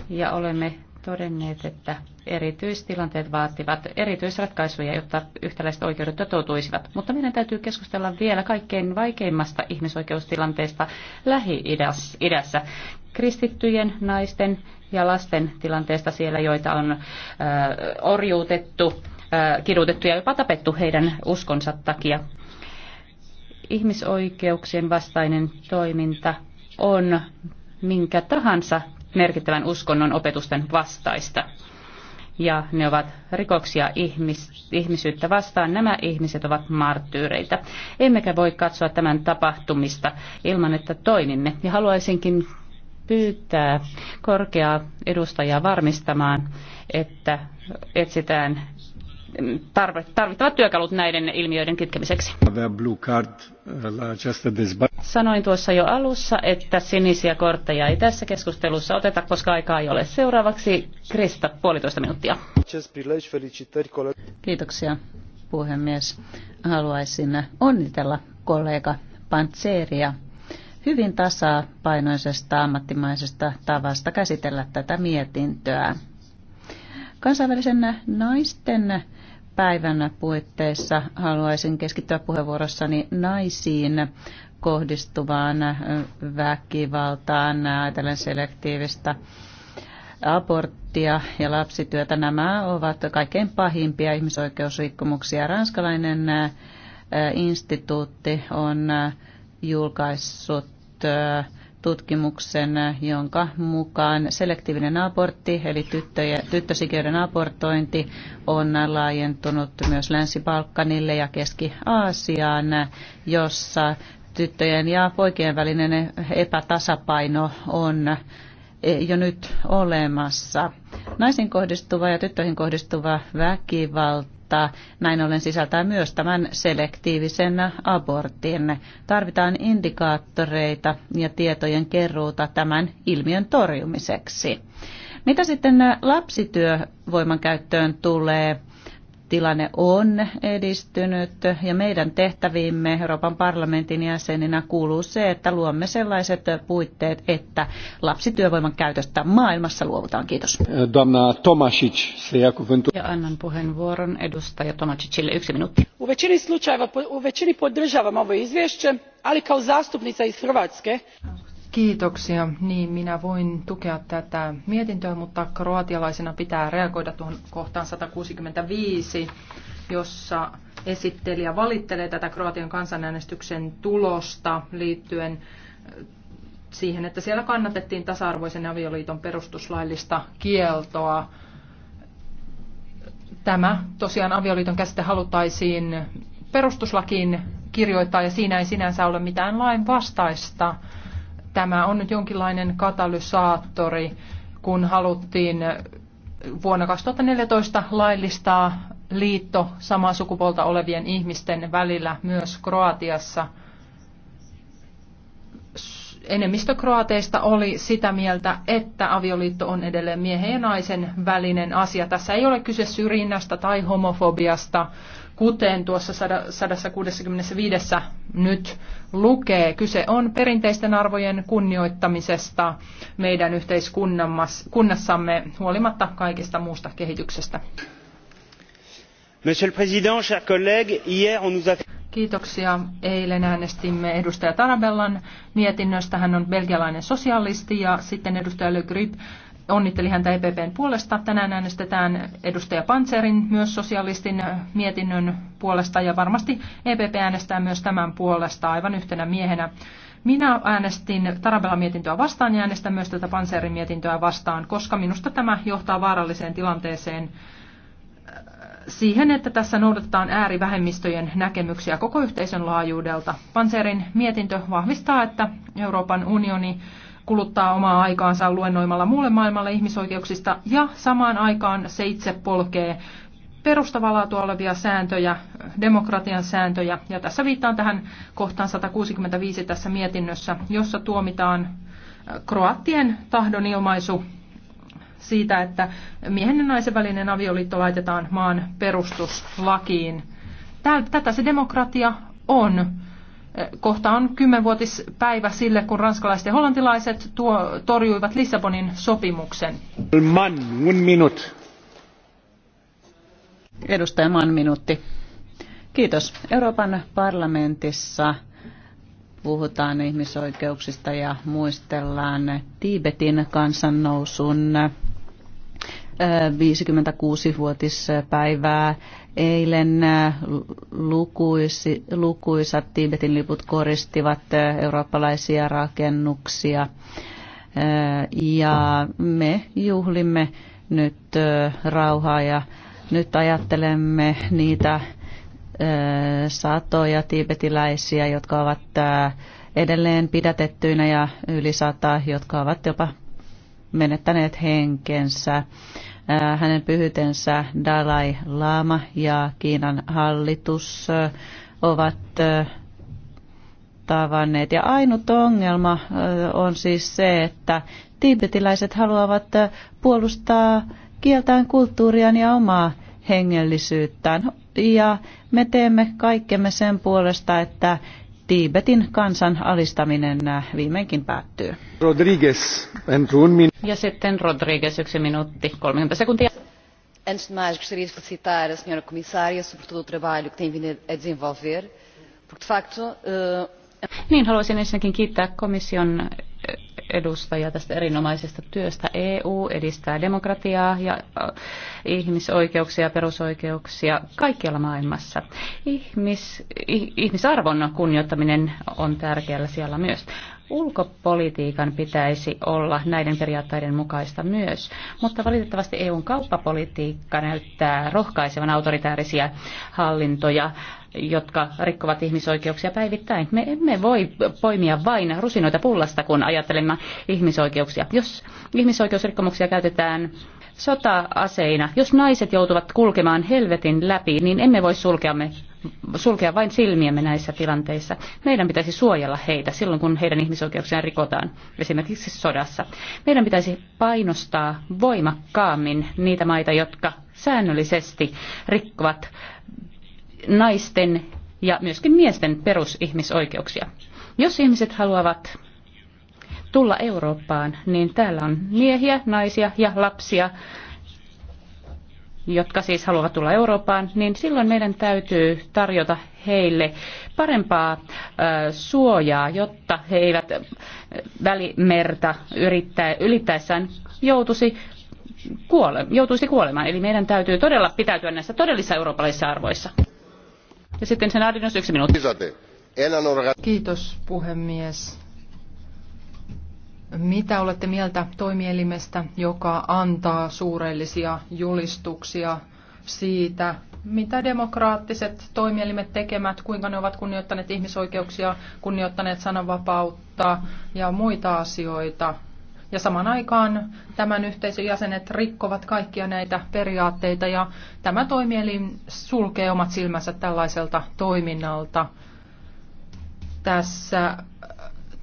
[SPEAKER 3] ja olemme todenneet, että erityistilanteet vaativat erityisratkaisuja, jotta yhtäläiset oikeudet toteutuisivat. Mutta meidän täytyy keskustella vielä kaikkein vaikeimmasta ihmisoikeustilanteesta Lähi-idässä. Kristittyjen, naisten ja lasten tilanteesta siellä, joita on orjuutettu, kidutettu ja jopa tapettu heidän uskonsa takia. Ihmisoikeuksien vastainen toiminta on minkä tahansa merkittävän uskonnon opetusten vastaista. Ja ne ovat rikoksia ihmis, ihmisyyttä vastaan. Nämä ihmiset ovat marttyyreitä. Emmekä voi katsoa tämän tapahtumista ilman, että toimimme. Ja haluaisinkin pyytää korkeaa edustajaa varmistamaan, että etsitään tarvittavat työkalut näiden ilmiöiden kitkemiseksi.
[SPEAKER 2] Uh,
[SPEAKER 3] Sanoin tuossa jo alussa, että sinisiä kortteja ei tässä keskustelussa oteta, koska aikaa ei ole. Seuraavaksi Krista, puolitoista minuuttia. Kiitoksia
[SPEAKER 5] puhemies. Haluaisin onnitella kollega Pantseeria hyvin tasapainoisesta ammattimaisesta tavasta käsitellä tätä mietintöä. Kansainvälisen naisten päivän puitteissa haluaisin keskittyä puheenvuorossani naisiin kohdistuvaan väkivaltaan, ajatellen selektiivistä aborttia ja lapsityötä. Nämä ovat kaikkein pahimpia ihmisoikeusrikkomuksia. Ranskalainen instituutti on julkaissut tutkimuksen, jonka mukaan selektiivinen abortti eli tyttöjä, tyttösikiöiden abortointi on laajentunut myös Länsi-Balkanille ja Keski-Aasiaan, jossa tyttöjen ja poikien välinen epätasapaino on e, jo nyt olemassa. Naisiin kohdistuva ja tyttöihin kohdistuva väkivalta saattaa näin ollen sisältää myös tämän selektiivisen abortin. Tarvitaan indikaattoreita ja tietojen keruuta tämän ilmiön torjumiseksi. Mitä sitten lapsityövoiman käyttöön tulee? tilanne on edistynyt ja meidän tehtäviimme Euroopan parlamentin jäseninä kuuluu se, että luomme sellaiset puitteet, että lapsityövoiman käytöstä maailmassa
[SPEAKER 3] luovutaan. Kiitos. Damna Tomasic, ja annan puheenvuoron edustaja Tomasicille yksi minuutti.
[SPEAKER 1] U većini slučajeva, u većini podržavam ovo izvješće, ali kao zastupnica iz Hrvatske Kiitoksia. Niin, minä voin tukea tätä mietintöä, mutta kroatialaisena pitää reagoida tuohon kohtaan 165, jossa esittelijä valittelee tätä Kroatian kansanäänestyksen tulosta liittyen eh, siihen, että siellä kannatettiin tasa-arvoisen avioliiton perustuslaillista kieltoa. Tämä tosiaan avioliiton käsite haluttaisiin perustuslakiin kirjoittaa ja siinä ei sinänsä ole mitään lain vastaista Tämä on nyt jonkinlainen katalysaattori, kun haluttiin vuonna 2014 laillistaa liitto samaa sukupuolta olevien ihmisten välillä myös Kroatiassa. Enemmistö kroateista oli sitä mieltä, että avioliitto on edelleen miehen ja naisen välinen asia. Tässä ei ole kyse syrjinnästä tai homofobiasta Kuten tuossa 165 nyt lukee, kyse on perinteisten arvojen kunnioittamisesta meidän yhteiskunnassamme huolimatta kaikesta muusta kehityksestä.
[SPEAKER 3] Monsieur le
[SPEAKER 4] Président, chers collègues, hier on nous a...
[SPEAKER 1] Kiitoksia. Eilen äänestimme edustaja Tarabellan mietinnöstä. Hän on belgialainen sosialisti ja sitten edustaja Le Grip onnitteli häntä EPPn puolesta. Tänään äänestetään edustaja Panzerin myös sosialistin äh, mietinnön puolesta ja varmasti EPP äänestää myös tämän puolesta aivan yhtenä miehenä. Minä äänestin Tarabella mietintöä vastaan ja äänestän myös tätä Panzerin mietintöä vastaan, koska minusta tämä johtaa vaaralliseen tilanteeseen äh, siihen, että tässä noudatetaan äärivähemmistöjen näkemyksiä koko yhteisön laajuudelta. Panzerin mietintö vahvistaa, että Euroopan unioni kuluttaa omaa aikaansa luennoimalla muulle maailmalle ihmisoikeuksista ja samaan aikaan se itse polkee perustavaa olevia sääntöjä, demokratian sääntöjä. Ja tässä viittaan tähän kohtaan 165 tässä mietinnössä, jossa tuomitaan äh, kroattien tahdonilmaisu siitä, että miehen ja naisen välinen avioliitto laitetaan maan perustuslakiin. Tätä se demokratia on kohta on kymmenvuotispäivä sille, kun ranskalaiset ja hollantilaiset tuo, torjuivat Lissabonin sopimuksen.
[SPEAKER 5] Man, un minut. Edustaja minuutti. Kiitos. Euroopan parlamentissa puhutaan ihmisoikeuksista ja muistellaan Tiibetin kansannousun 56-vuotispäivää Eilen äh, lukuisi, lukuisat Tiibetin liput koristivat äh, eurooppalaisia rakennuksia äh, ja me juhlimme nyt rauhaa ja nyt ajattelemme niitä satoja tiibetiläisiä, jotka ovat edelleen pidätettyinä ja yli sata, jotka ovat jopa menettäneet henkensä. Äh, hänen pyhytensä Dalai Lama ja Kiinan hallitus äh, ovat äh, tavanneet. Ja ainut ongelma on siis se, että tiibetiläiset haluavat puolustaa kieltään, kulttuuriaan ja omaa hengellisyyttään. Ja me teemme kaikkemme sen puolesta, että Tiibetin kansan alistaminen äh, viimeinkin päättyy.
[SPEAKER 3] Rodriguez, ja sitten Rodriguez, yksi minuutti, 30 sekuntia. Antes de mais, gostaria de felicitar a senhora comissária sobre todo
[SPEAKER 5] o
[SPEAKER 4] trabalho que tem vindo a desenvolver, porque de facto... Uh...
[SPEAKER 3] Niin, haluaisin ensinnäkin kiittää komission edustaja tästä erinomaisesta työstä. EU edistää demokratiaa ja ihmisoikeuksia ja perusoikeuksia kaikkialla maailmassa. Ihmis, ihmisarvon kunnioittaminen on tärkeällä siellä myös ulkopolitiikan pitäisi olla näiden periaatteiden mukaista myös, mutta valitettavasti EUn kauppapolitiikka näyttää rohkaisevan autoritäärisiä hallintoja jotka rikkovat ihmisoikeuksia päivittäin. Me emme voi poimia vain rusinoita pullasta, kun ajattelemme ihmisoikeuksia. Jos ihmisoikeusrikkomuksia käytetään sota-aseina, jos naiset joutuvat kulkemaan helvetin läpi, niin emme voi sulkeamme sulkea vain silmiämme näissä tilanteissa. Meidän pitäisi suojella heitä silloin, kun heidän ihmisoikeuksiaan rikotaan, esimerkiksi sodassa. Meidän pitäisi painostaa voimakkaammin niitä maita, jotka säännöllisesti rikkovat naisten ja myöskin miesten perusihmisoikeuksia. Jos ihmiset haluavat tulla Eurooppaan, niin täällä on miehiä, naisia ja lapsia, jotka siis haluavat tulla Eurooppaan, niin silloin meidän täytyy tarjota heille parempaa suojaa, jotta he eivät välimerta yrittää, ylittäessään joutuisi kuole, joutuisi kuolemaan. Eli meidän täytyy todella pitäytyä näissä todellisissa eurooppalaisissa arvoissa. Ja sitten sen on yksi minuutti. Kiitos puhemies.
[SPEAKER 1] Mitä olette mieltä toimielimestä, joka antaa suurellisia julistuksia siitä, mitä demokraattiset toimielimet tekevät, kuinka ne ovat kunnioittaneet ihmisoikeuksia, kunnioittaneet sananvapautta ja muita asioita, ja saman aikaan tämän yhteisön jäsenet rikkovat kaikkia näitä periaatteita ja tämä toimielin sulkee omat silmänsä tällaiselta toiminnalta. Tässä äh,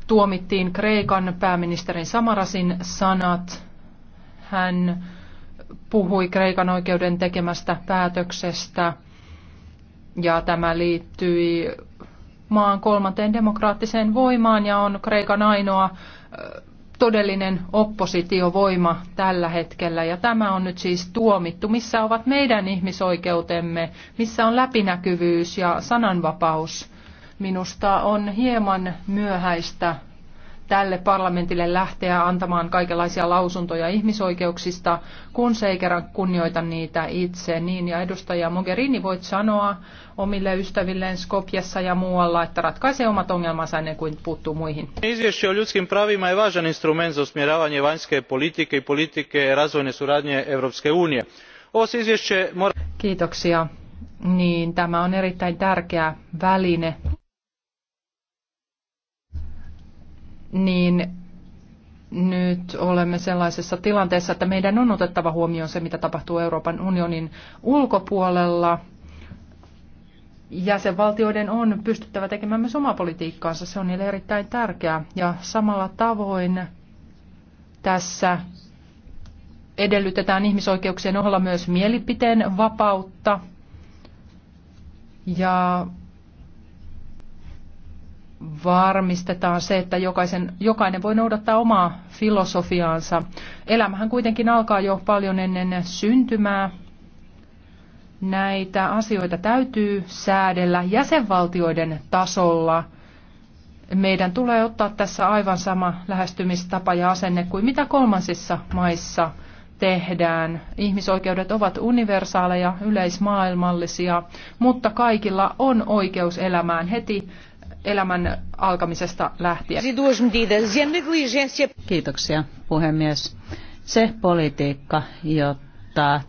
[SPEAKER 1] tuomittiin Kreikan pääministerin Samarasin sanat. Hän puhui Kreikan oikeuden tekemästä päätöksestä ja tämä liittyi maan kolmanteen demokraattiseen voimaan ja on Kreikan ainoa äh, todellinen oppositiovoima tällä hetkellä ja tämä on nyt siis tuomittu. Missä ovat meidän ihmisoikeutemme? Missä on läpinäkyvyys ja sananvapaus? Minusta on hieman myöhäistä tälle parlamentille lähteä antamaan kaikenlaisia lausuntoja ihmisoikeuksista, kun se ei kerran kunnioita niitä itse. Niin, ja edustaja Mogherini voit sanoa omille ystävilleen Skopjassa ja muualla, että ratkaisee omat ongelmansa ennen kuin puuttuu muihin.
[SPEAKER 4] Izvješće o ljudskim pravima je važan instrument za usmjeravanje vanjske politike i politike razvojne suradnje unije.
[SPEAKER 1] Kiitoksia. Niin, tämä on erittäin tärkeä väline niin nyt olemme sellaisessa tilanteessa, että meidän on otettava huomioon se, mitä tapahtuu Euroopan unionin ulkopuolella. Jäsenvaltioiden on pystyttävä tekemään myös omaa politiikkaansa, se on niille erittäin tärkeää. Ja samalla tavoin tässä edellytetään ihmisoikeuksien ohella myös mielipiteen vapautta. Ja varmistetaan se, että jokaisen, jokainen voi noudattaa omaa filosofiaansa. Elämähän kuitenkin alkaa jo paljon ennen syntymää. Näitä asioita täytyy säädellä jäsenvaltioiden tasolla. Meidän tulee ottaa tässä aivan sama lähestymistapa ja asenne kuin mitä kolmansissa maissa tehdään. Ihmisoikeudet ovat universaaleja, yleismaailmallisia, mutta kaikilla on oikeus elämään heti elämän alkamisesta lähtien.
[SPEAKER 5] E Kiitoksia puhemies. Se politiikka, jota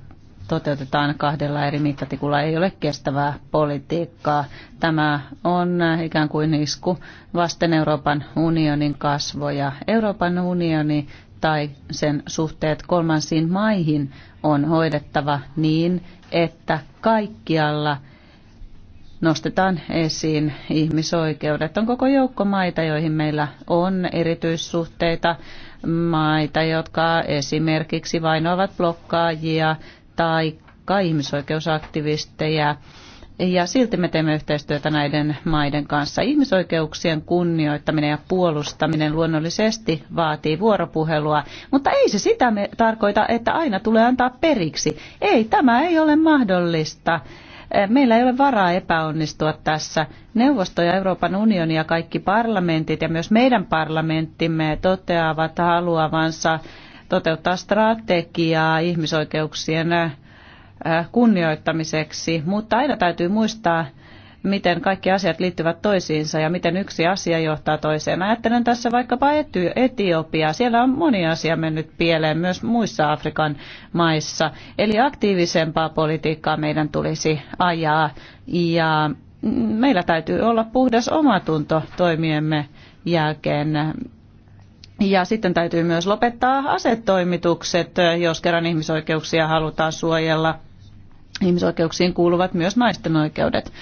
[SPEAKER 5] toteutetaan kahdella eri mittatikulla, ei ole kestävää politiikkaa. Tämä on ikään kuin isku vasten Euroopan unionin kasvoja. Euroopan unioni tai sen suhteet kolmansiin maihin on hoidettava niin, että kaikkialla – nostetaan esiin ihmisoikeudet. On koko joukko maita, joihin meillä on erityissuhteita, maita, jotka esimerkiksi vainoavat blokkaajia tai ihmisoikeusaktivisteja. Ja silti me teemme yhteistyötä näiden maiden kanssa. Ihmisoikeuksien kunnioittaminen ja puolustaminen luonnollisesti vaatii vuoropuhelua, mutta ei se sitä me tarkoita, että aina tulee antaa periksi. Ei, tämä ei ole mahdollista Meillä ei ole varaa epäonnistua tässä. Neuvosto ja Euroopan unioni ja kaikki parlamentit ja myös meidän parlamenttimme toteavat haluavansa toteuttaa strategiaa ihmisoikeuksien kunnioittamiseksi, mutta aina täytyy muistaa, miten kaikki asiat liittyvät toisiinsa ja miten yksi asia johtaa toiseen. Mä ajattelen tässä vaikkapa Etiopiaa. Siellä on moni asia mennyt pieleen myös muissa Afrikan maissa. Eli aktiivisempaa politiikkaa meidän tulisi ajaa ja meillä täytyy olla puhdas omatunto toimiemme jälkeen. Ja sitten täytyy myös lopettaa asetoimitukset, jos kerran ihmisoikeuksia halutaan suojella. Ihmisoikeuksiin kuuluvat myös naisten oikeudet.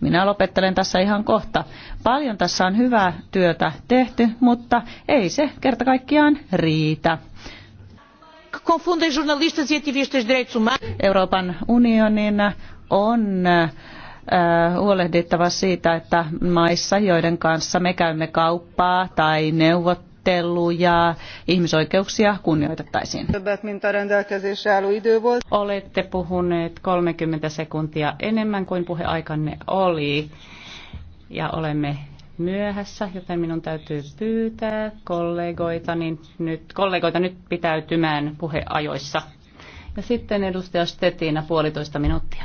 [SPEAKER 5] Minä lopettelen tässä ihan kohta. Paljon tässä on hyvää työtä tehty, mutta ei se kerta kaikkiaan riitä. E Euroopan unionin on äh, huolehdittava siitä, että maissa, joiden kanssa me käymme kauppaa tai neuvottelua, suunnittelu ja ihmisoikeuksia kunnioitettaisiin.
[SPEAKER 3] Olette puhuneet 30 sekuntia enemmän kuin puheaikanne oli ja olemme myöhässä, joten minun täytyy pyytää kollegoita, niin nyt, kollegoita nyt pitäytymään puheajoissa. Ja sitten edustaja Stetina puolitoista minuuttia.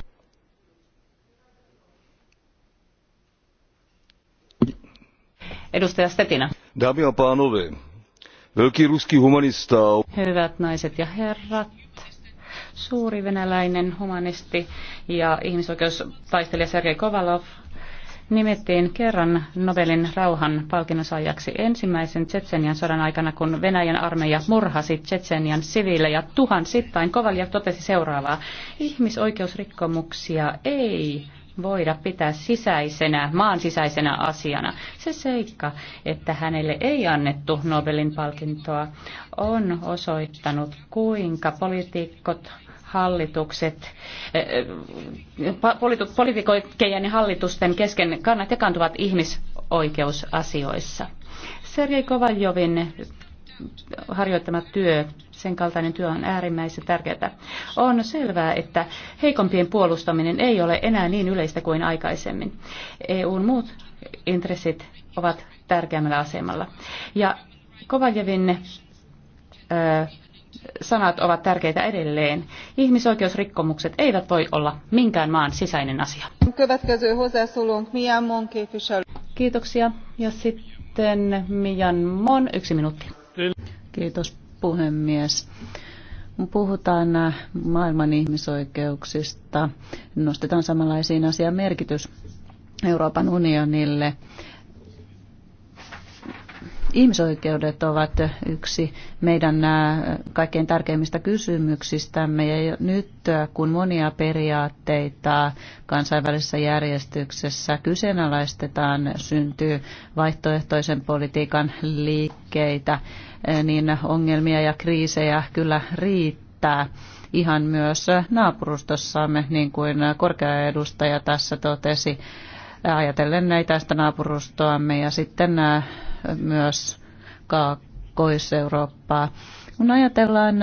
[SPEAKER 3] Edustaja Stetina.
[SPEAKER 2] Dámy a pánové, velký ruský humanista...
[SPEAKER 3] Hyvät naiset ja herrat, suuri venäläinen humanisti ja ihmisoikeustaistelija Sergei Kovalov nimettiin kerran Nobelin rauhan palkinnonsaajaksi ensimmäisen Tsetsenian sodan aikana, kun Venäjän armeija murhasi Tsetsenian siviilejä tuhansittain. Kovaljev totesi seuraavaa. Ihmisoikeusrikkomuksia ei voida pitää sisäisenä, maan sisäisenä asiana. Se seikka, että hänelle ei annettu Nobelin palkintoa, on osoittanut, kuinka poliitikot hallitukset, eh, poliitikojen ja hallitusten kesken kannat jakantuvat ihmisoikeusasioissa. Sergei Kovaljovin harjoittama työ, sen kaltainen työ on äärimmäisen tärkeää. On selvää, että heikompien puolustaminen ei ole enää niin yleistä kuin aikaisemmin. EUn muut intressit ovat tärkeämmällä asemalla. Ja Kovajevin sanat ovat tärkeitä edelleen. Ihmisoikeusrikkomukset eivät voi olla minkään maan sisäinen asia. Kiitoksia. Ja sitten Mian Mon, yksi minuutti. Kiitos puhemies.
[SPEAKER 5] Puhutaan maailman ihmisoikeuksista, nostetaan samanlaisiin asian merkitys Euroopan unionille. Ihmisoikeudet ovat yksi meidän kaikkein tärkeimmistä kysymyksistämme ja nyt kun monia periaatteita kansainvälisessä järjestyksessä kyseenalaistetaan, syntyy vaihtoehtoisen politiikan liikkeitä, niin ongelmia ja kriisejä kyllä riittää ihan myös naapurustossamme, niin kuin korkea edustaja tässä totesi ajatellen näitä tästä naapurustoamme ja sitten myös Kaakkois-Eurooppaa. Kun ajatellaan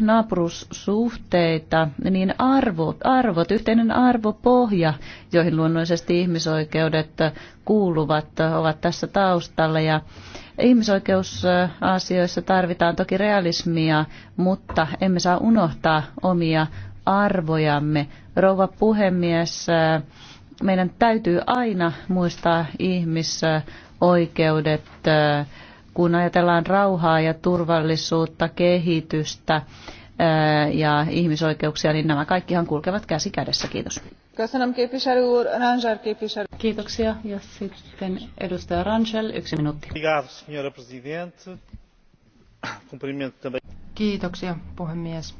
[SPEAKER 5] naapurussuhteita, niin arvot, arvot, yhteinen arvopohja, joihin luonnollisesti ihmisoikeudet kuuluvat, ovat tässä taustalla. Ja ihmisoikeusasioissa tarvitaan toki realismia, mutta emme saa unohtaa omia arvojamme. Rouva puhemies, meidän täytyy aina muistaa ihmisoikeudet, äh, kun ajatellaan rauhaa ja turvallisuutta, kehitystä äh, ja ihmisoikeuksia, niin nämä kaikkihan kulkevat käsi kädessä. Kiitos.
[SPEAKER 4] Kiitoksia. Ja sitten edustaja
[SPEAKER 3] Rangel, yksi minuutti.
[SPEAKER 1] Kiitoksia, puhemies.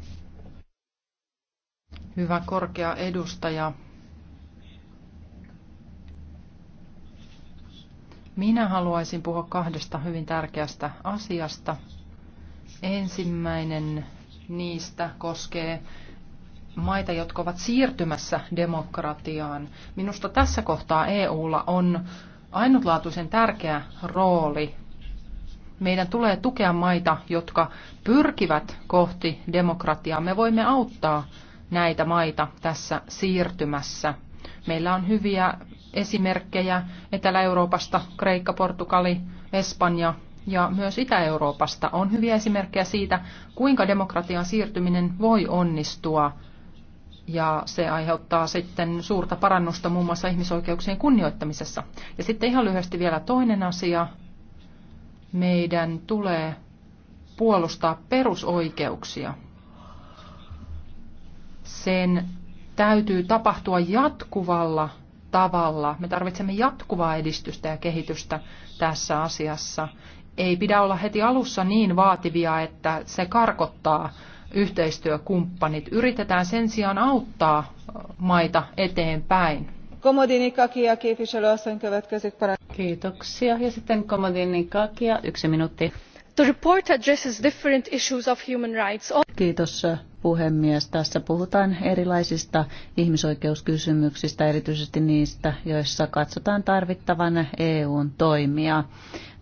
[SPEAKER 1] Hyvä korkea edustaja. Minä haluaisin puhua kahdesta hyvin tärkeästä asiasta. Ensimmäinen niistä koskee maita, jotka ovat siirtymässä demokratiaan. Minusta tässä kohtaa EUlla on ainutlaatuisen tärkeä rooli. Meidän tulee tukea maita, jotka pyrkivät kohti demokratiaa. Me voimme auttaa näitä maita tässä siirtymässä. Meillä on hyviä esimerkkejä Etelä-Euroopasta, Kreikka, Portugali, Espanja ja myös Itä-Euroopasta on hyviä esimerkkejä siitä, kuinka demokratian siirtyminen voi onnistua ja se aiheuttaa sitten suurta parannusta muun muassa ihmisoikeuksien kunnioittamisessa. Ja sitten ihan lyhyesti vielä toinen asia. Meidän tulee puolustaa perusoikeuksia. Sen täytyy tapahtua jatkuvalla tavalla. Me tarvitsemme jatkuvaa edistystä ja kehitystä tässä asiassa. Ei pidä olla heti alussa niin vaativia, että se karkottaa yhteistyökumppanit. Yritetään sen sijaan auttaa maita
[SPEAKER 4] eteenpäin. Komodini Kakia, képviselőasszony következik. Kiitoksia. Ja
[SPEAKER 3] sitten Komodini Kakia, yksi minuutti. The report addresses different issues of human rights.
[SPEAKER 5] Kiitos puhemies. Tässä puhutaan erilaisista ihmisoikeuskysymyksistä, erityisesti niistä, joissa katsotaan tarvittavan EUn toimia.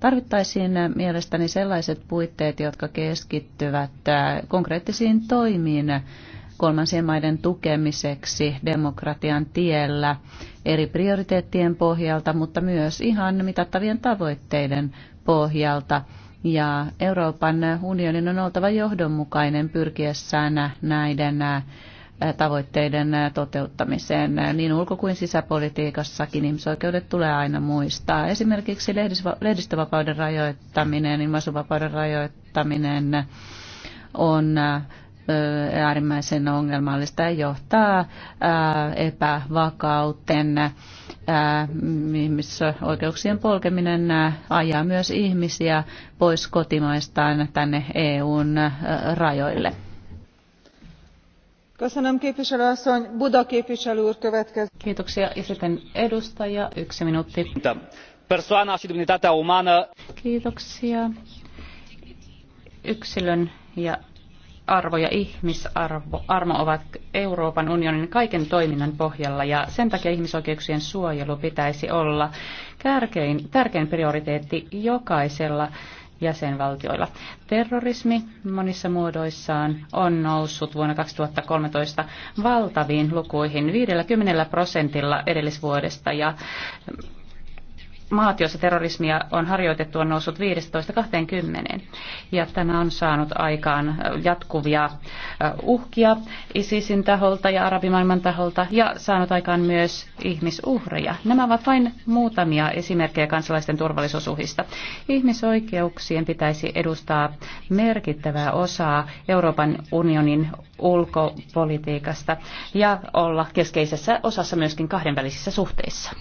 [SPEAKER 5] Tarvittaisiin mielestäni sellaiset puitteet, jotka keskittyvät äh, konkreettisiin toimiin kolmansien maiden tukemiseksi demokratian tiellä eri prioriteettien pohjalta, mutta myös ihan mitattavien tavoitteiden pohjalta ja Euroopan unionin on oltava johdonmukainen pyrkiessään näiden tavoitteiden toteuttamiseen. Niin ulko- kuin sisäpolitiikassakin ihmisoikeudet tulee aina muistaa. Esimerkiksi lehdistövapauden rajoittaminen, ilmaisuvapauden rajoittaminen on äärimmäisen ongelmallista ja johtaa epävakauten ihmisoikeuksien polkeminen ajaa myös ihmisiä pois kotimaistaan tänne EUn
[SPEAKER 4] rajoille.
[SPEAKER 3] Kiitoksia. Ja sitten edustaja, yksi minuutti. Persoana și umană. Kiitoksia. Yksilön ja ihmisarvo ja ihmisarvo armo ovat Euroopan unionin kaiken toiminnan pohjalla ja sen takia ihmisoikeuksien suojelu pitäisi olla kärkein, tärkein prioriteetti jokaisella jäsenvaltioilla. Terrorismi monissa muodoissaan on noussut vuonna 2013 valtaviin lukuihin 50 prosentilla edellisvuodesta ja maat, joissa terrorismia on harjoitettu, on noussut 15-20. Ja tämä on saanut aikaan jatkuvia uhkia ISISin taholta ja arabimaailman taholta ja saanut aikaan myös ihmisuhreja. Nämä ovat vain muutamia esimerkkejä kansalaisten turvallisuusuhista. Ihmisoikeuksien pitäisi edustaa merkittävää osaa Euroopan unionin ulkopolitiikasta ja olla keskeisessä osassa myöskin kahdenvälisissä suhteissa.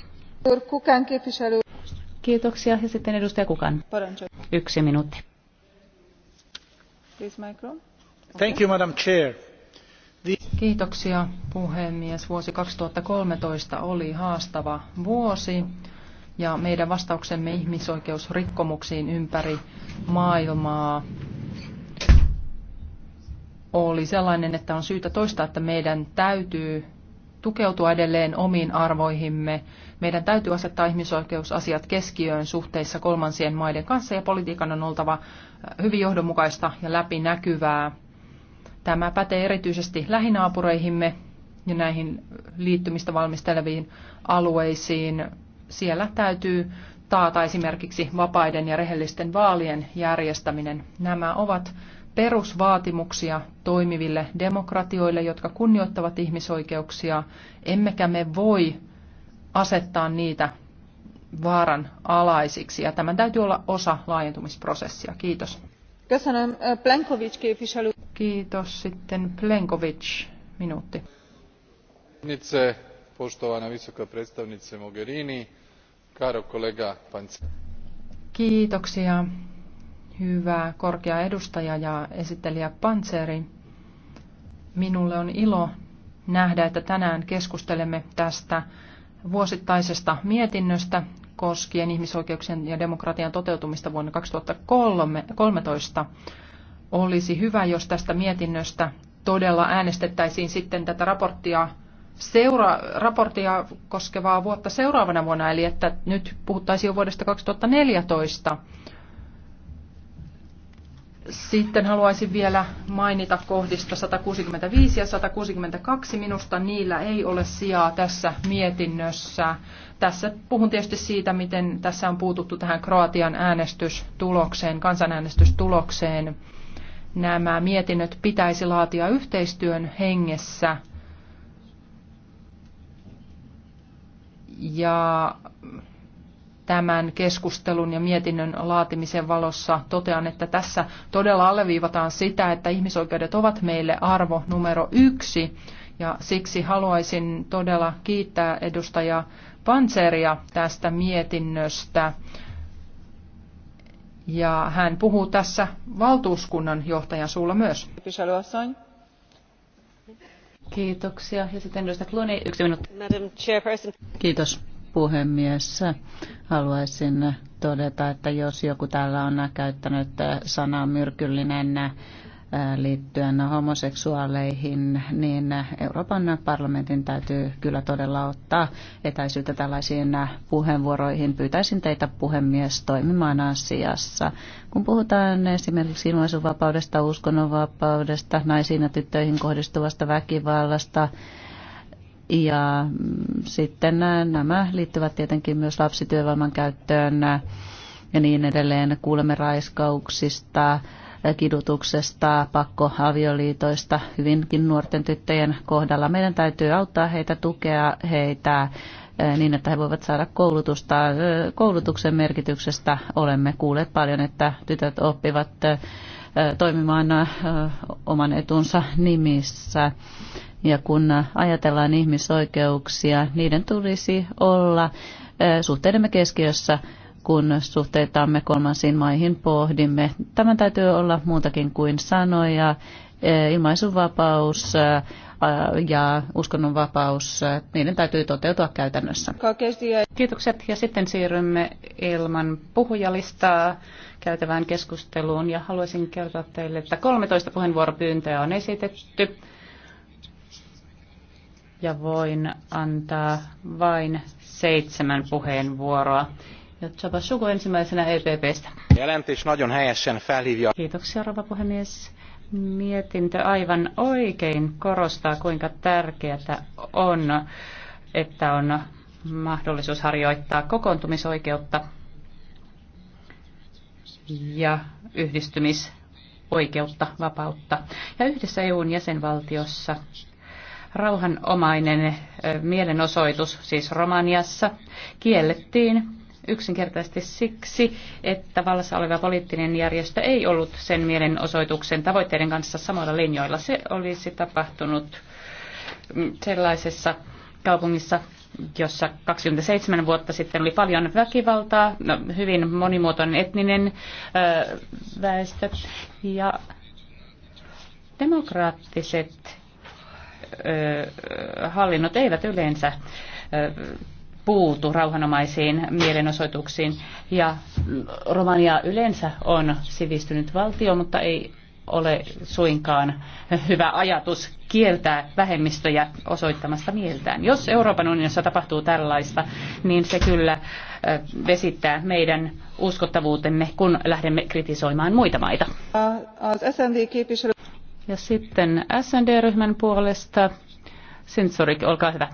[SPEAKER 3] Kiitoksia. Ja sitten edustaja Kukan. Yksi minuutti.
[SPEAKER 4] Thank
[SPEAKER 1] you, Madam Chair. Kiitoksia puhemies. Vuosi 2013 oli haastava vuosi ja meidän vastauksemme ihmisoikeusrikkomuksiin ympäri maailmaa oli sellainen, että on syytä toistaa, että meidän täytyy tukeutua edelleen omiin arvoihimme. Meidän täytyy asettaa ihmisoikeusasiat keskiöön suhteissa kolmansien maiden kanssa ja politiikan on oltava äh, hyvin johdonmukaista ja läpinäkyvää. Tämä pätee erityisesti lähinaapureihimme ja näihin liittymistä valmisteleviin alueisiin. Siellä täytyy taata esimerkiksi vapaiden ja rehellisten vaalien järjestäminen. Nämä ovat perusvaatimuksia toimiville demokratioille, jotka kunnioittavat ihmisoikeuksia, emmekä me voi asettaa niitä vaaran alaisiksi. Ja tämän täytyy olla osa laajentumisprosessia. Kiitos. Kiitos. Sitten Plenkovic, minuutti.
[SPEAKER 2] Mogherini, karo
[SPEAKER 1] Kiitoksia hyvä korkea edustaja ja esittelijä Pantseri. Minulle on ilo nähdä, että tänään keskustelemme tästä vuosittaisesta mietinnöstä koskien ihmisoikeuksien ja demokratian toteutumista vuonna 2013. Olisi hyvä, jos tästä mietinnöstä todella äänestettäisiin sitten tätä raporttia, seura, raporttia koskevaa vuotta seuraavana vuonna, eli että nyt puhuttaisiin jo vuodesta 2014 sitten haluaisin vielä mainita kohdista 165 ja 162. Minusta niillä ei ole sijaa tässä mietinnössä. Tässä puhun tietysti siitä, miten tässä on puututtu tähän Kroatian äänestystulokseen, kansanäänestystulokseen. Nämä mietinnöt pitäisi laatia yhteistyön hengessä. Ja tämän keskustelun ja mietinnön laatimisen valossa totean, että tässä todella alleviivataan sitä, että ihmisoikeudet ovat meille arvo numero yksi. Ja siksi haluaisin todella kiittää edustaja Panseria tästä mietinnöstä. Ja hän puhuu tässä valtuuskunnan johtajan suulla myös.
[SPEAKER 3] Kiitoksia. Ja sitten edustaja Kloni, yksi minuutti.
[SPEAKER 5] Kiitos puhemies. Haluaisin todeta, että jos joku täällä on käyttänyt sanaa myrkyllinen äh, liittyen homoseksuaaleihin, niin Euroopan parlamentin täytyy kyllä todella ottaa etäisyyttä tällaisiin puheenvuoroihin. Pyytäisin teitä puhemies toimimaan asiassa. Kun puhutaan esimerkiksi ilmaisuvapaudesta, uskonnonvapaudesta, naisiin ja tyttöihin kohdistuvasta väkivallasta, ja mm, sitten äh, nämä liittyvät tietenkin myös lapsityövoiman käyttöön äh, ja niin edelleen. Kuulemme raiskauksista, äh, kidutuksesta, pakkoavioliitoista hyvinkin nuorten tyttöjen kohdalla. Meidän täytyy auttaa heitä, tukea heitä niin, että he voivat saada koulutusta. Koulutuksen merkityksestä olemme kuulleet paljon, että tytöt oppivat toimimaan oman etunsa nimissä. Ja kun ajatellaan ihmisoikeuksia, niiden tulisi olla suhteidemme keskiössä, kun suhteitamme kolmansiin maihin pohdimme. Tämän täytyy olla muutakin kuin sanoja. Ilmaisunvapaus ja uskonnonvapaus, niiden täytyy toteutua käytännössä.
[SPEAKER 3] Kiitokset ja sitten siirrymme ilman puhujalistaa käytävään keskusteluun ja haluaisin kertoa teille, että 13 puheenvuoropyyntöä on esitetty ja voin antaa vain seitsemän puheenvuoroa. Ja Chaba Shugo ensimmäisenä EPPstä.
[SPEAKER 2] Jelentis nagyon helyesen felhivja.
[SPEAKER 3] Kiitoksia, rouva puhemies. Mietintö aivan oikein korostaa, kuinka tärkeää on, että on mahdollisuus harjoittaa kokoontumisoikeutta ja yhdistymisoikeutta, vapautta. Ja yhdessä EUn jäsenvaltiossa rauhanomainen mielenosoitus, siis Romaniassa, kiellettiin yksinkertaisesti siksi, että vallassa oleva poliittinen järjestö ei ollut sen mielenosoituksen tavoitteiden kanssa samoilla linjoilla. Se olisi tapahtunut mm, sellaisessa kaupungissa, jossa 27 vuotta sitten oli paljon väkivaltaa, no, hyvin monimuotoinen etninen ö, väestö ja demokraattiset hallinnot eivät yleensä puutu rauhanomaisiin mielenosoituksiin. Ja Romania yleensä on sivistynyt valtio, mutta ei ole suinkaan hyvä ajatus kieltää vähemmistöjä osoittamasta mieltään. Jos Euroopan unionissa tapahtuu tällaista, niin se kyllä vesittää meidän uskottavuutemme, kun lähdemme kritisoimaan muita maita. Ja sitten SND-ryhmän puolesta Sintsurik, olkaa hyvä.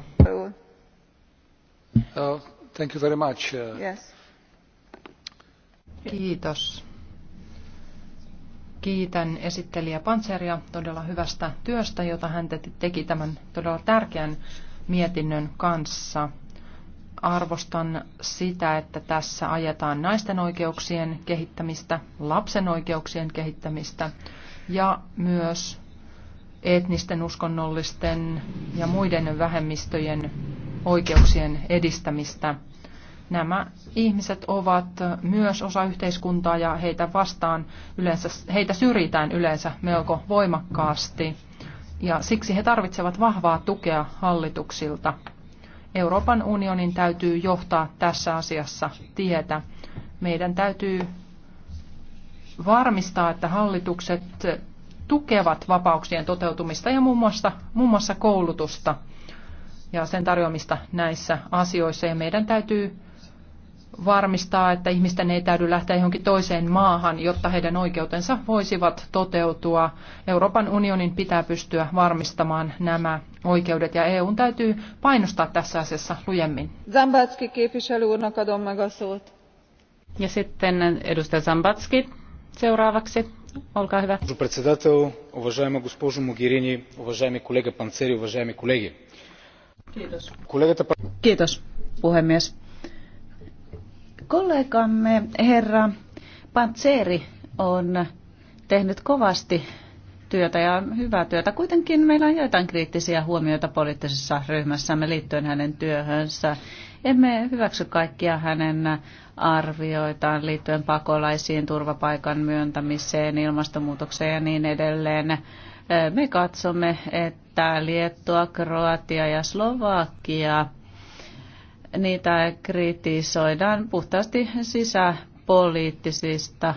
[SPEAKER 2] Uh, thank you very much. Uh,
[SPEAKER 4] yes.
[SPEAKER 1] Kiitos. Kiitän esittelijä Panseria todella hyvästä työstä, jota hän teki tämän todella tärkeän mietinnön kanssa. Arvostan sitä, että tässä ajetaan naisten oikeuksien kehittämistä, lapsen oikeuksien kehittämistä ja myös etnisten, uskonnollisten ja muiden vähemmistöjen oikeuksien edistämistä. Nämä ihmiset ovat myös osa yhteiskuntaa ja heitä vastaan yleensä, heitä syrjitään yleensä melko voimakkaasti ja siksi he tarvitsevat vahvaa tukea hallituksilta. Euroopan unionin täytyy johtaa tässä asiassa tietä. Meidän täytyy varmistaa, että hallitukset tukevat vapauksien toteutumista ja muun muassa, muun muassa koulutusta ja sen tarjoamista näissä asioissa. Ja meidän täytyy varmistaa, että ihmisten ei täydy lähteä johonkin toiseen maahan, jotta heidän oikeutensa voisivat toteutua. Euroopan unionin pitää pystyä varmistamaan nämä oikeudet ja EUn täytyy painostaa tässä
[SPEAKER 3] asiassa lujemmin. Zambatski, Ja sitten edustaja Zambatski. Seuraavaksi, olkaa hyvä. Председател, уважаема
[SPEAKER 2] госпожо Могерини, уважаеми колега Панцери, уважаеми колеги. Kiitos. Kollegata...
[SPEAKER 5] Kiitos, puhemies. Kollegamme herra Panzeri on tehnyt kovasti työtä ja hyvää työtä. Kuitenkin meillä on joitain kriittisiä huomioita poliittisessa ryhmässämme liittyen hänen työhönsä. Emme hyväksy kaikkia hänen arvioitaan liittyen pakolaisiin, turvapaikan myöntämiseen, ilmastonmuutokseen ja niin edelleen. Me katsomme, että Liettua, Kroatia ja Slovakia, niitä kritisoidaan puhtaasti sisäpoliittisista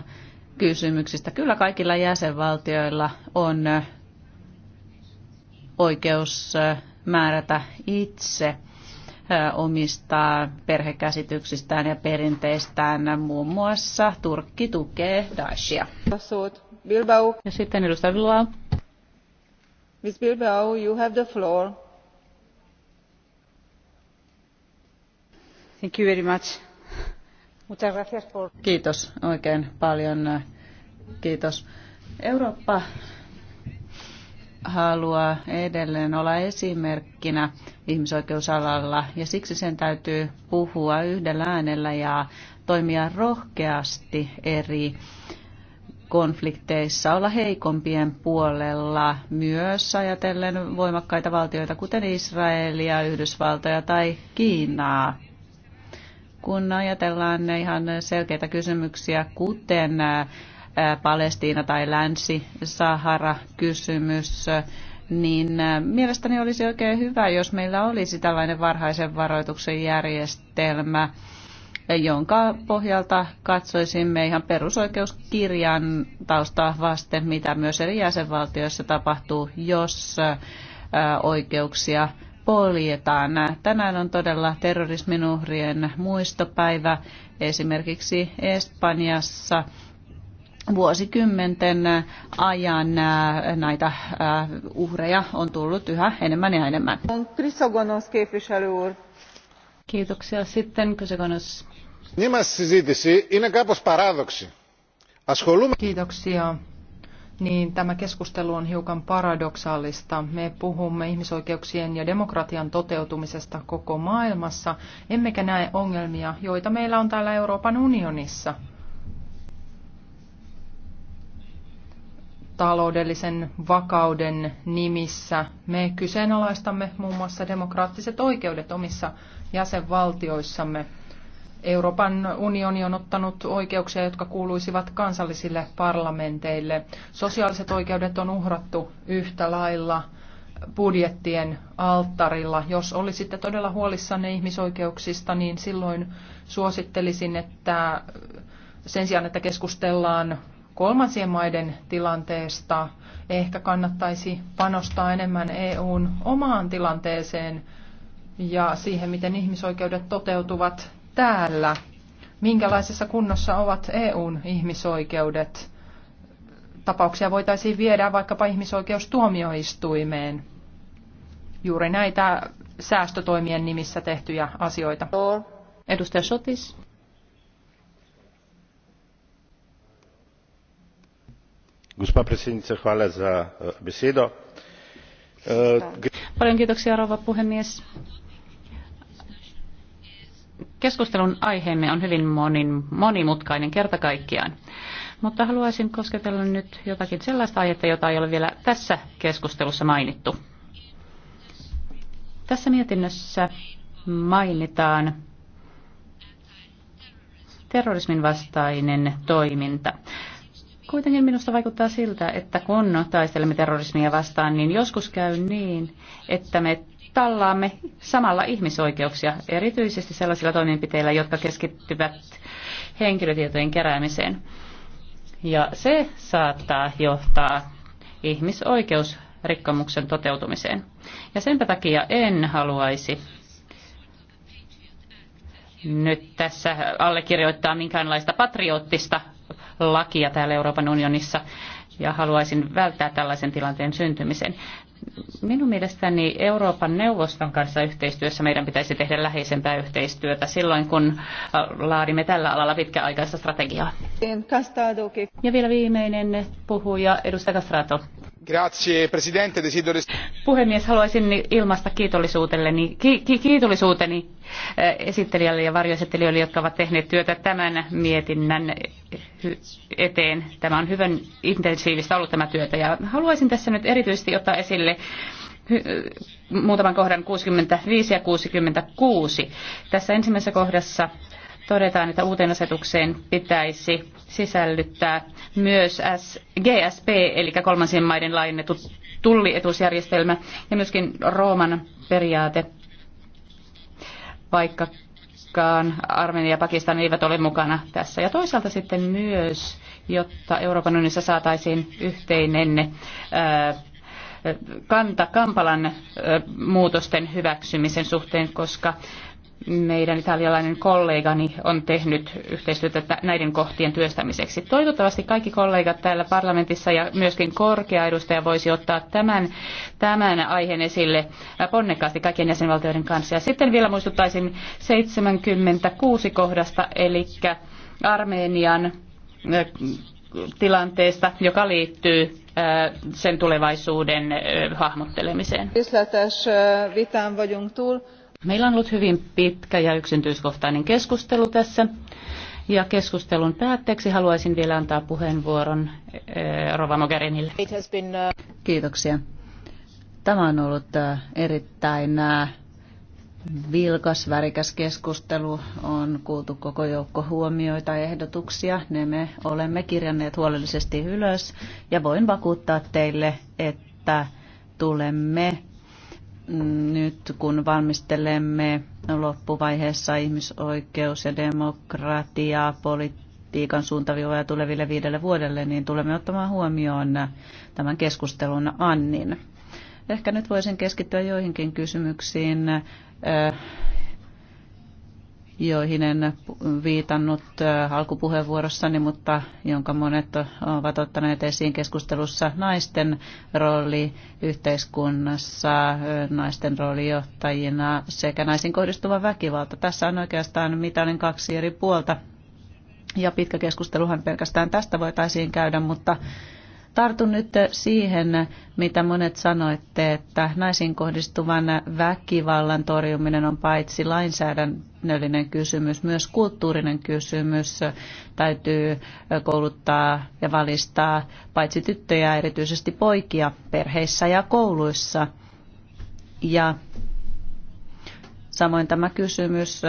[SPEAKER 5] kysymyksistä. Kyllä kaikilla jäsenvaltioilla on oikeus määrätä itse omista perhekäsityksistään ja perinteistään. Muun muassa
[SPEAKER 4] Turkki tukee Daeshia. Bilbao. Ja sitten edustaja Bilbao. Miss Bilbao, you have the floor. Thank you very much. Muchas gracias por... Kiitos
[SPEAKER 5] oikein paljon. Kiitos. Eurooppa haluaa edelleen olla esimerkkinä ihmisoikeusalalla ja siksi sen täytyy puhua yhdellä äänellä ja toimia rohkeasti eri konflikteissa, olla heikompien puolella myös ajatellen voimakkaita valtioita kuten Israelia, Yhdysvaltoja tai Kiinaa. Kun ajatellaan ihan selkeitä kysymyksiä, kuten Palestiina tai Länsi-Sahara-kysymys, niin mielestäni olisi oikein hyvä, jos meillä olisi tällainen varhaisen varoituksen järjestelmä, jonka pohjalta katsoisimme ihan perusoikeuskirjan taustaa vasten, mitä myös eri jäsenvaltioissa tapahtuu, jos oikeuksia poljetaan. Tänään on todella terrorismin uhrien muistopäivä esimerkiksi Espanjassa vuosikymmenten ajan näitä uhreja on tullut yhä enemmän ja enemmän.
[SPEAKER 4] Kiitoksia. Sitten Kysekonos.
[SPEAKER 1] Kiitoksia. Niin, tämä keskustelu on hiukan paradoksaalista. Me puhumme ihmisoikeuksien ja demokratian toteutumisesta koko maailmassa, emmekä näe ongelmia, joita meillä on täällä Euroopan unionissa – taloudellisen vakauden nimissä me kyseenalaistamme muun muassa demokraattiset oikeudet omissa jäsenvaltioissamme. Euroopan unioni on ottanut oikeuksia, jotka kuuluisivat kansallisille parlamenteille. Sosiaaliset oikeudet on uhrattu yhtä lailla budjettien alttarilla. Jos olisitte todella huolissanne ihmisoikeuksista, niin silloin suosittelisin, että sen sijaan, että keskustellaan kolmansien maiden tilanteesta. Ehkä kannattaisi panostaa enemmän EUn omaan tilanteeseen ja siihen, miten ihmisoikeudet toteutuvat täällä. Minkälaisessa kunnossa ovat EUn ihmisoikeudet? Tapauksia voitaisiin viedä vaikkapa ihmisoikeustuomioistuimeen. Juuri näitä säästötoimien nimissä tehtyjä asioita. Edustaja Sotis.
[SPEAKER 2] gospa predsednica hvala za eh,
[SPEAKER 4] besedo. Eh,
[SPEAKER 3] Paljon kiitoksia rouva puhemies. Keskustelun aiheemme on hyvin monimutkainen kerta kaikkiaan. Mutta haluaisin kosketella nyt jotakin sellaista aihetta, jota ei ole vielä tässä keskustelussa mainittu. Tässä mietinnössä mainitaan terrorismin vastainen toiminta. Kuitenkin minusta vaikuttaa siltä, että kun taistelemme terrorismia vastaan, niin joskus käy niin, että me tallaamme samalla ihmisoikeuksia, erityisesti sellaisilla toimenpiteillä, jotka keskittyvät henkilötietojen keräämiseen. Ja se saattaa johtaa ihmisoikeusrikkomuksen toteutumiseen. Ja senpä takia en haluaisi nyt tässä allekirjoittaa minkäänlaista patriottista lakia täällä Euroopan unionissa ja haluaisin välttää tällaisen tilanteen syntymisen. Minun mielestäni Euroopan neuvoston kanssa yhteistyössä meidän pitäisi tehdä läheisempää yhteistyötä silloin, kun äh, laadimme tällä alalla pitkäaikaista strategiaa. Ja vielä viimeinen puhuja, edustaja Castrato puhemies haluaisin ilmaista kiitollisuuteni, ki, kiitollisuuteni eh, esittelijälle ja varjoesittelijöille jotka ovat tehneet työtä tämän mietinnän eteen. tämä on hyvin intensiivistä ollut tämä työtä ja haluaisin tässä nyt erityisesti ottaa esille muutaman kohdan 65 ja 66. Tässä ensimmäisessä kohdassa todetaan, että uuteen asetukseen pitäisi sisällyttää myös GSP, eli kolmansien maiden laajennettu tullietuusjärjestelmä ja myöskin Rooman periaate, vaikkakaan Armenia ja Pakistan eivät ole mukana tässä. Ja toisaalta sitten myös, jotta Euroopan unionissa saataisiin yhteinen ää, kanta Kampalan muutosten hyväksymisen suhteen, koska meidän italialainen kollegani on tehnyt yhteistyötä näiden kohtien työstämiseksi. Toivottavasti kaikki kollegat täällä parlamentissa ja myöskin korkea edustaja voisi ottaa tämän, tämän aiheen esille ponnekkaasti kaikkien jäsenvaltioiden kanssa. Ja sitten vielä muistuttaisin 76 kohdasta, eli Armenian tilanteesta, joka liittyy sen tulevaisuuden hahmottelemiseen.
[SPEAKER 4] Vislátás vitään vagyunk túl.
[SPEAKER 3] Meillä on ollut hyvin pitkä ja yksityiskohtainen keskustelu tässä. Ja keskustelun päätteeksi haluaisin vielä antaa puheenvuoron eh, Rova Mogherinille. Uh, Kiitoksia.
[SPEAKER 5] Tämä on ollut uh, erittäin uh, vilkas, värikäs keskustelu. On kuultu koko joukko huomioita ja ehdotuksia. Ne me olemme kirjanneet huolellisesti ylös ja voin vakuuttaa teille, että tulemme nyt kun valmistelemme loppuvaiheessa ihmisoikeus- ja demokratiaa, politiikan suuntaviivoja tuleville viidelle vuodelle, niin tulemme ottamaan huomioon tämän keskustelun Annin. Ehkä nyt voisin keskittyä joihinkin kysymyksiin, joihin en viitannut äh, alkupuheenvuorossani, mutta jonka monet ovat ottaneet esiin keskustelussa naisten rooli yhteiskunnassa, äh, naisten rooli johtajina sekä naisiin kohdistuva väkivalta. Tässä on oikeastaan mitalin kaksi eri puolta. Ja pitkä keskusteluhan pelkästään tästä voitaisiin käydä, mutta Tartun nyt siihen, mitä monet sanoitte, että naisiin kohdistuvan väkivallan torjuminen on paitsi lainsäädännöllinen kysymys, myös kulttuurinen kysymys. Täytyy kouluttaa ja valistaa paitsi tyttöjä, erityisesti poikia perheissä ja kouluissa. Ja samoin tämä kysymys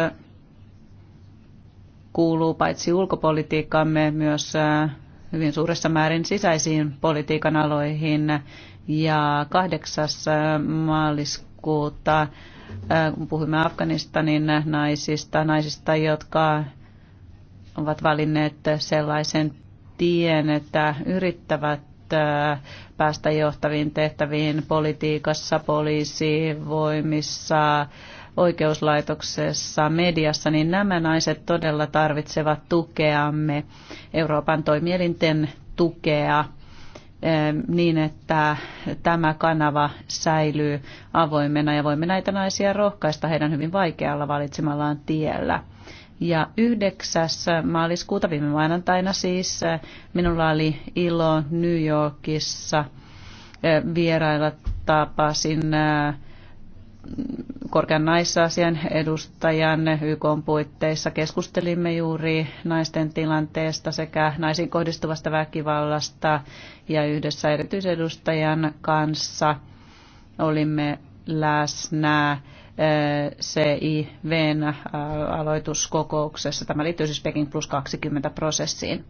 [SPEAKER 5] kuuluu paitsi ulkopolitiikkamme myös hyvin suuressa määrin sisäisiin politiikan aloihin. Ja 8. Äh, maaliskuuta äh, kun puhumme Afganistanin naisista, naisista, jotka ovat valinneet sellaisen tien, että yrittävät äh, päästä johtaviin tehtäviin politiikassa, poliisivoimissa, voimissa, oikeuslaitoksessa, mediassa, niin nämä naiset todella tarvitsevat tukeamme, Euroopan toimielinten tukea eh, niin, että tämä kanava säilyy avoimena ja voimme näitä naisia rohkaista heidän hyvin vaikealla valitsemallaan tiellä. Ja 9. maaliskuuta viime maanantaina siis minulla oli ilo New Yorkissa eh, vierailla tapasin eh, korkean naisasian edustajan YK puitteissa keskustelimme juuri naisten tilanteesta sekä naisiin kohdistuvasta väkivallasta ja yhdessä erityisedustajan kanssa olimme läsnä eh, CIVn eh, aloituskokouksessa. Tämä liittyy siis Peking plus 20 prosessiin.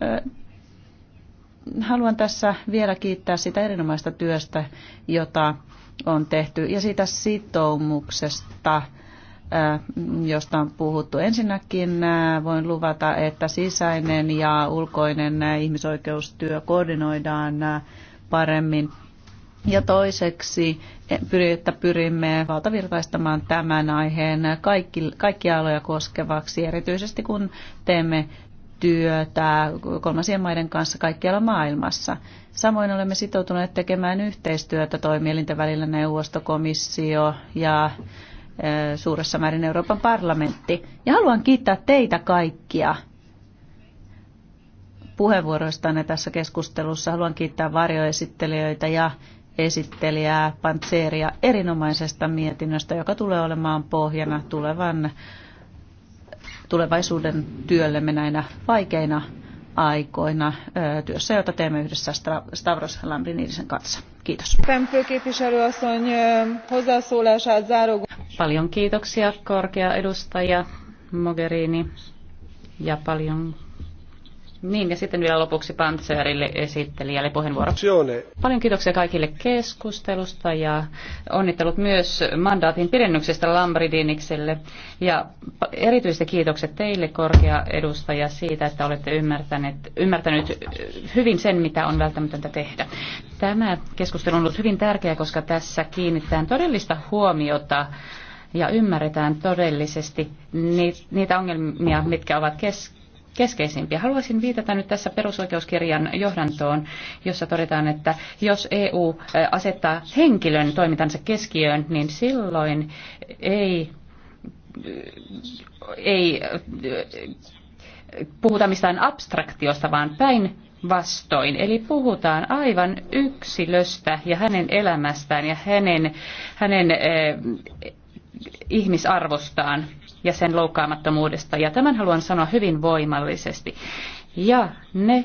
[SPEAKER 5] Eh, haluan tässä vielä kiittää sitä erinomaista työstä, jota on tehty ja siitä sitoumuksesta, josta on puhuttu. Ensinnäkin voin luvata, että sisäinen ja ulkoinen ihmisoikeustyö koordinoidaan paremmin. Ja toiseksi, e, että pyrimme valtavirtaistamaan tämän aiheen kaikki, kaikki aloja koskevaksi, erityisesti kun teemme työtä kolmansien maiden kanssa kaikkialla maailmassa. Samoin olemme sitoutuneet tekemään yhteistyötä toimielinten välillä neuvostokomissio ja suuressa määrin Euroopan parlamentti. Ja haluan kiittää teitä kaikkia puheenvuoroistanne tässä keskustelussa. Haluan kiittää varjoesittelijöitä ja esittelijää Pantseeria erinomaisesta mietinnöstä, joka tulee olemaan pohjana tulevan tulevaisuuden työllemme näinä vaikeina aikoina työssä, jota teemme yhdessä Stavros
[SPEAKER 4] Lambrinidisen kanssa. Kiitos.
[SPEAKER 3] Paljon kiitoksia korkea edustaja Mogherini ja paljon niin, ja sitten vielä lopuksi Pantserille esittelijälle puheenvuoro. Paljon kiitoksia kaikille keskustelusta ja onnittelut myös mandaatin pidennyksestä Lambridinikselle. Ja erityisesti kiitokset teille, korkea edustaja, siitä, että olette ymmärtäneet, ymmärtänyt hyvin sen, mitä on välttämätöntä tehdä. Tämä keskustelu on ollut hyvin tärkeä, koska tässä kiinnitetään todellista huomiota ja ymmärretään todellisesti niitä ongelmia, mitkä ovat kesken keskeisimpiä. Haluaisin viitata nyt tässä perusoikeuskirjan johdantoon, jossa todetaan, että jos EU asettaa henkilön toimintansa keskiöön, niin silloin ei, ei puhuta mistään abstraktiosta, vaan päin vastoin. Eli puhutaan aivan yksilöstä ja hänen elämästään ja hänen, hänen ihmisarvostaan ja sen loukkaamattomuudesta. Ja tämän haluan sanoa hyvin voimallisesti. Ja ne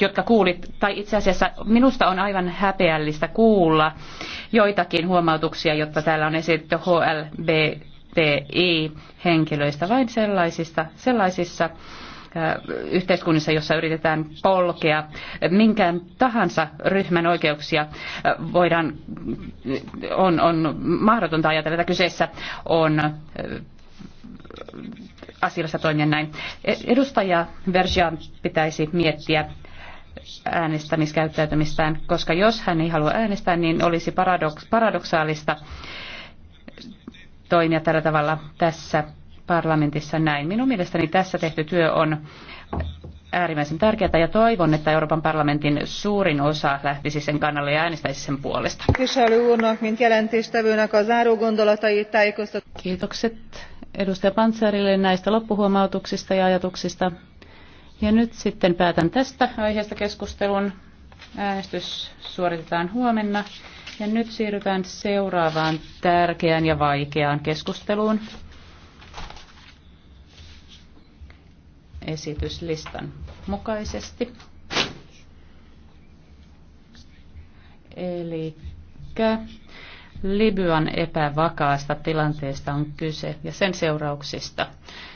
[SPEAKER 3] jotka kuulit, tai itse asiassa minusta on aivan häpeällistä kuulla joitakin huomautuksia, jotta täällä on esitetty HLBTI-henkilöistä, vain sellaisista, sellaisissa Äh, yhteiskunnissa, jossa yritetään polkea minkään tahansa ryhmän oikeuksia, äh, voidaan, on, on mahdotonta ajatella, että kyseessä on äh, asiassa toimia näin. Edustaja Verjan pitäisi miettiä äänestämiskäyttäytymistään, koska jos hän ei halua äänestää, niin olisi paradoks- paradoksaalista toimia tällä tavalla tässä parlamentissa näin. Minun mielestäni tässä tehty työ on äärimmäisen tärkeää ja toivon, että Euroopan parlamentin suurin osa lähtisi sen kannalle ja äänestäisi sen puolesta. Kiitokset edustaja Pantsarille näistä loppuhuomautuksista ja ajatuksista. Ja nyt sitten päätän tästä aiheesta keskustelun. Äänestys suoritetaan huomenna. Ja nyt siirrytään seuraavaan tärkeään ja vaikeaan keskusteluun. esityslistan mukaisesti. Eli Libyan epävakaasta tilanteesta on kyse ja sen seurauksista.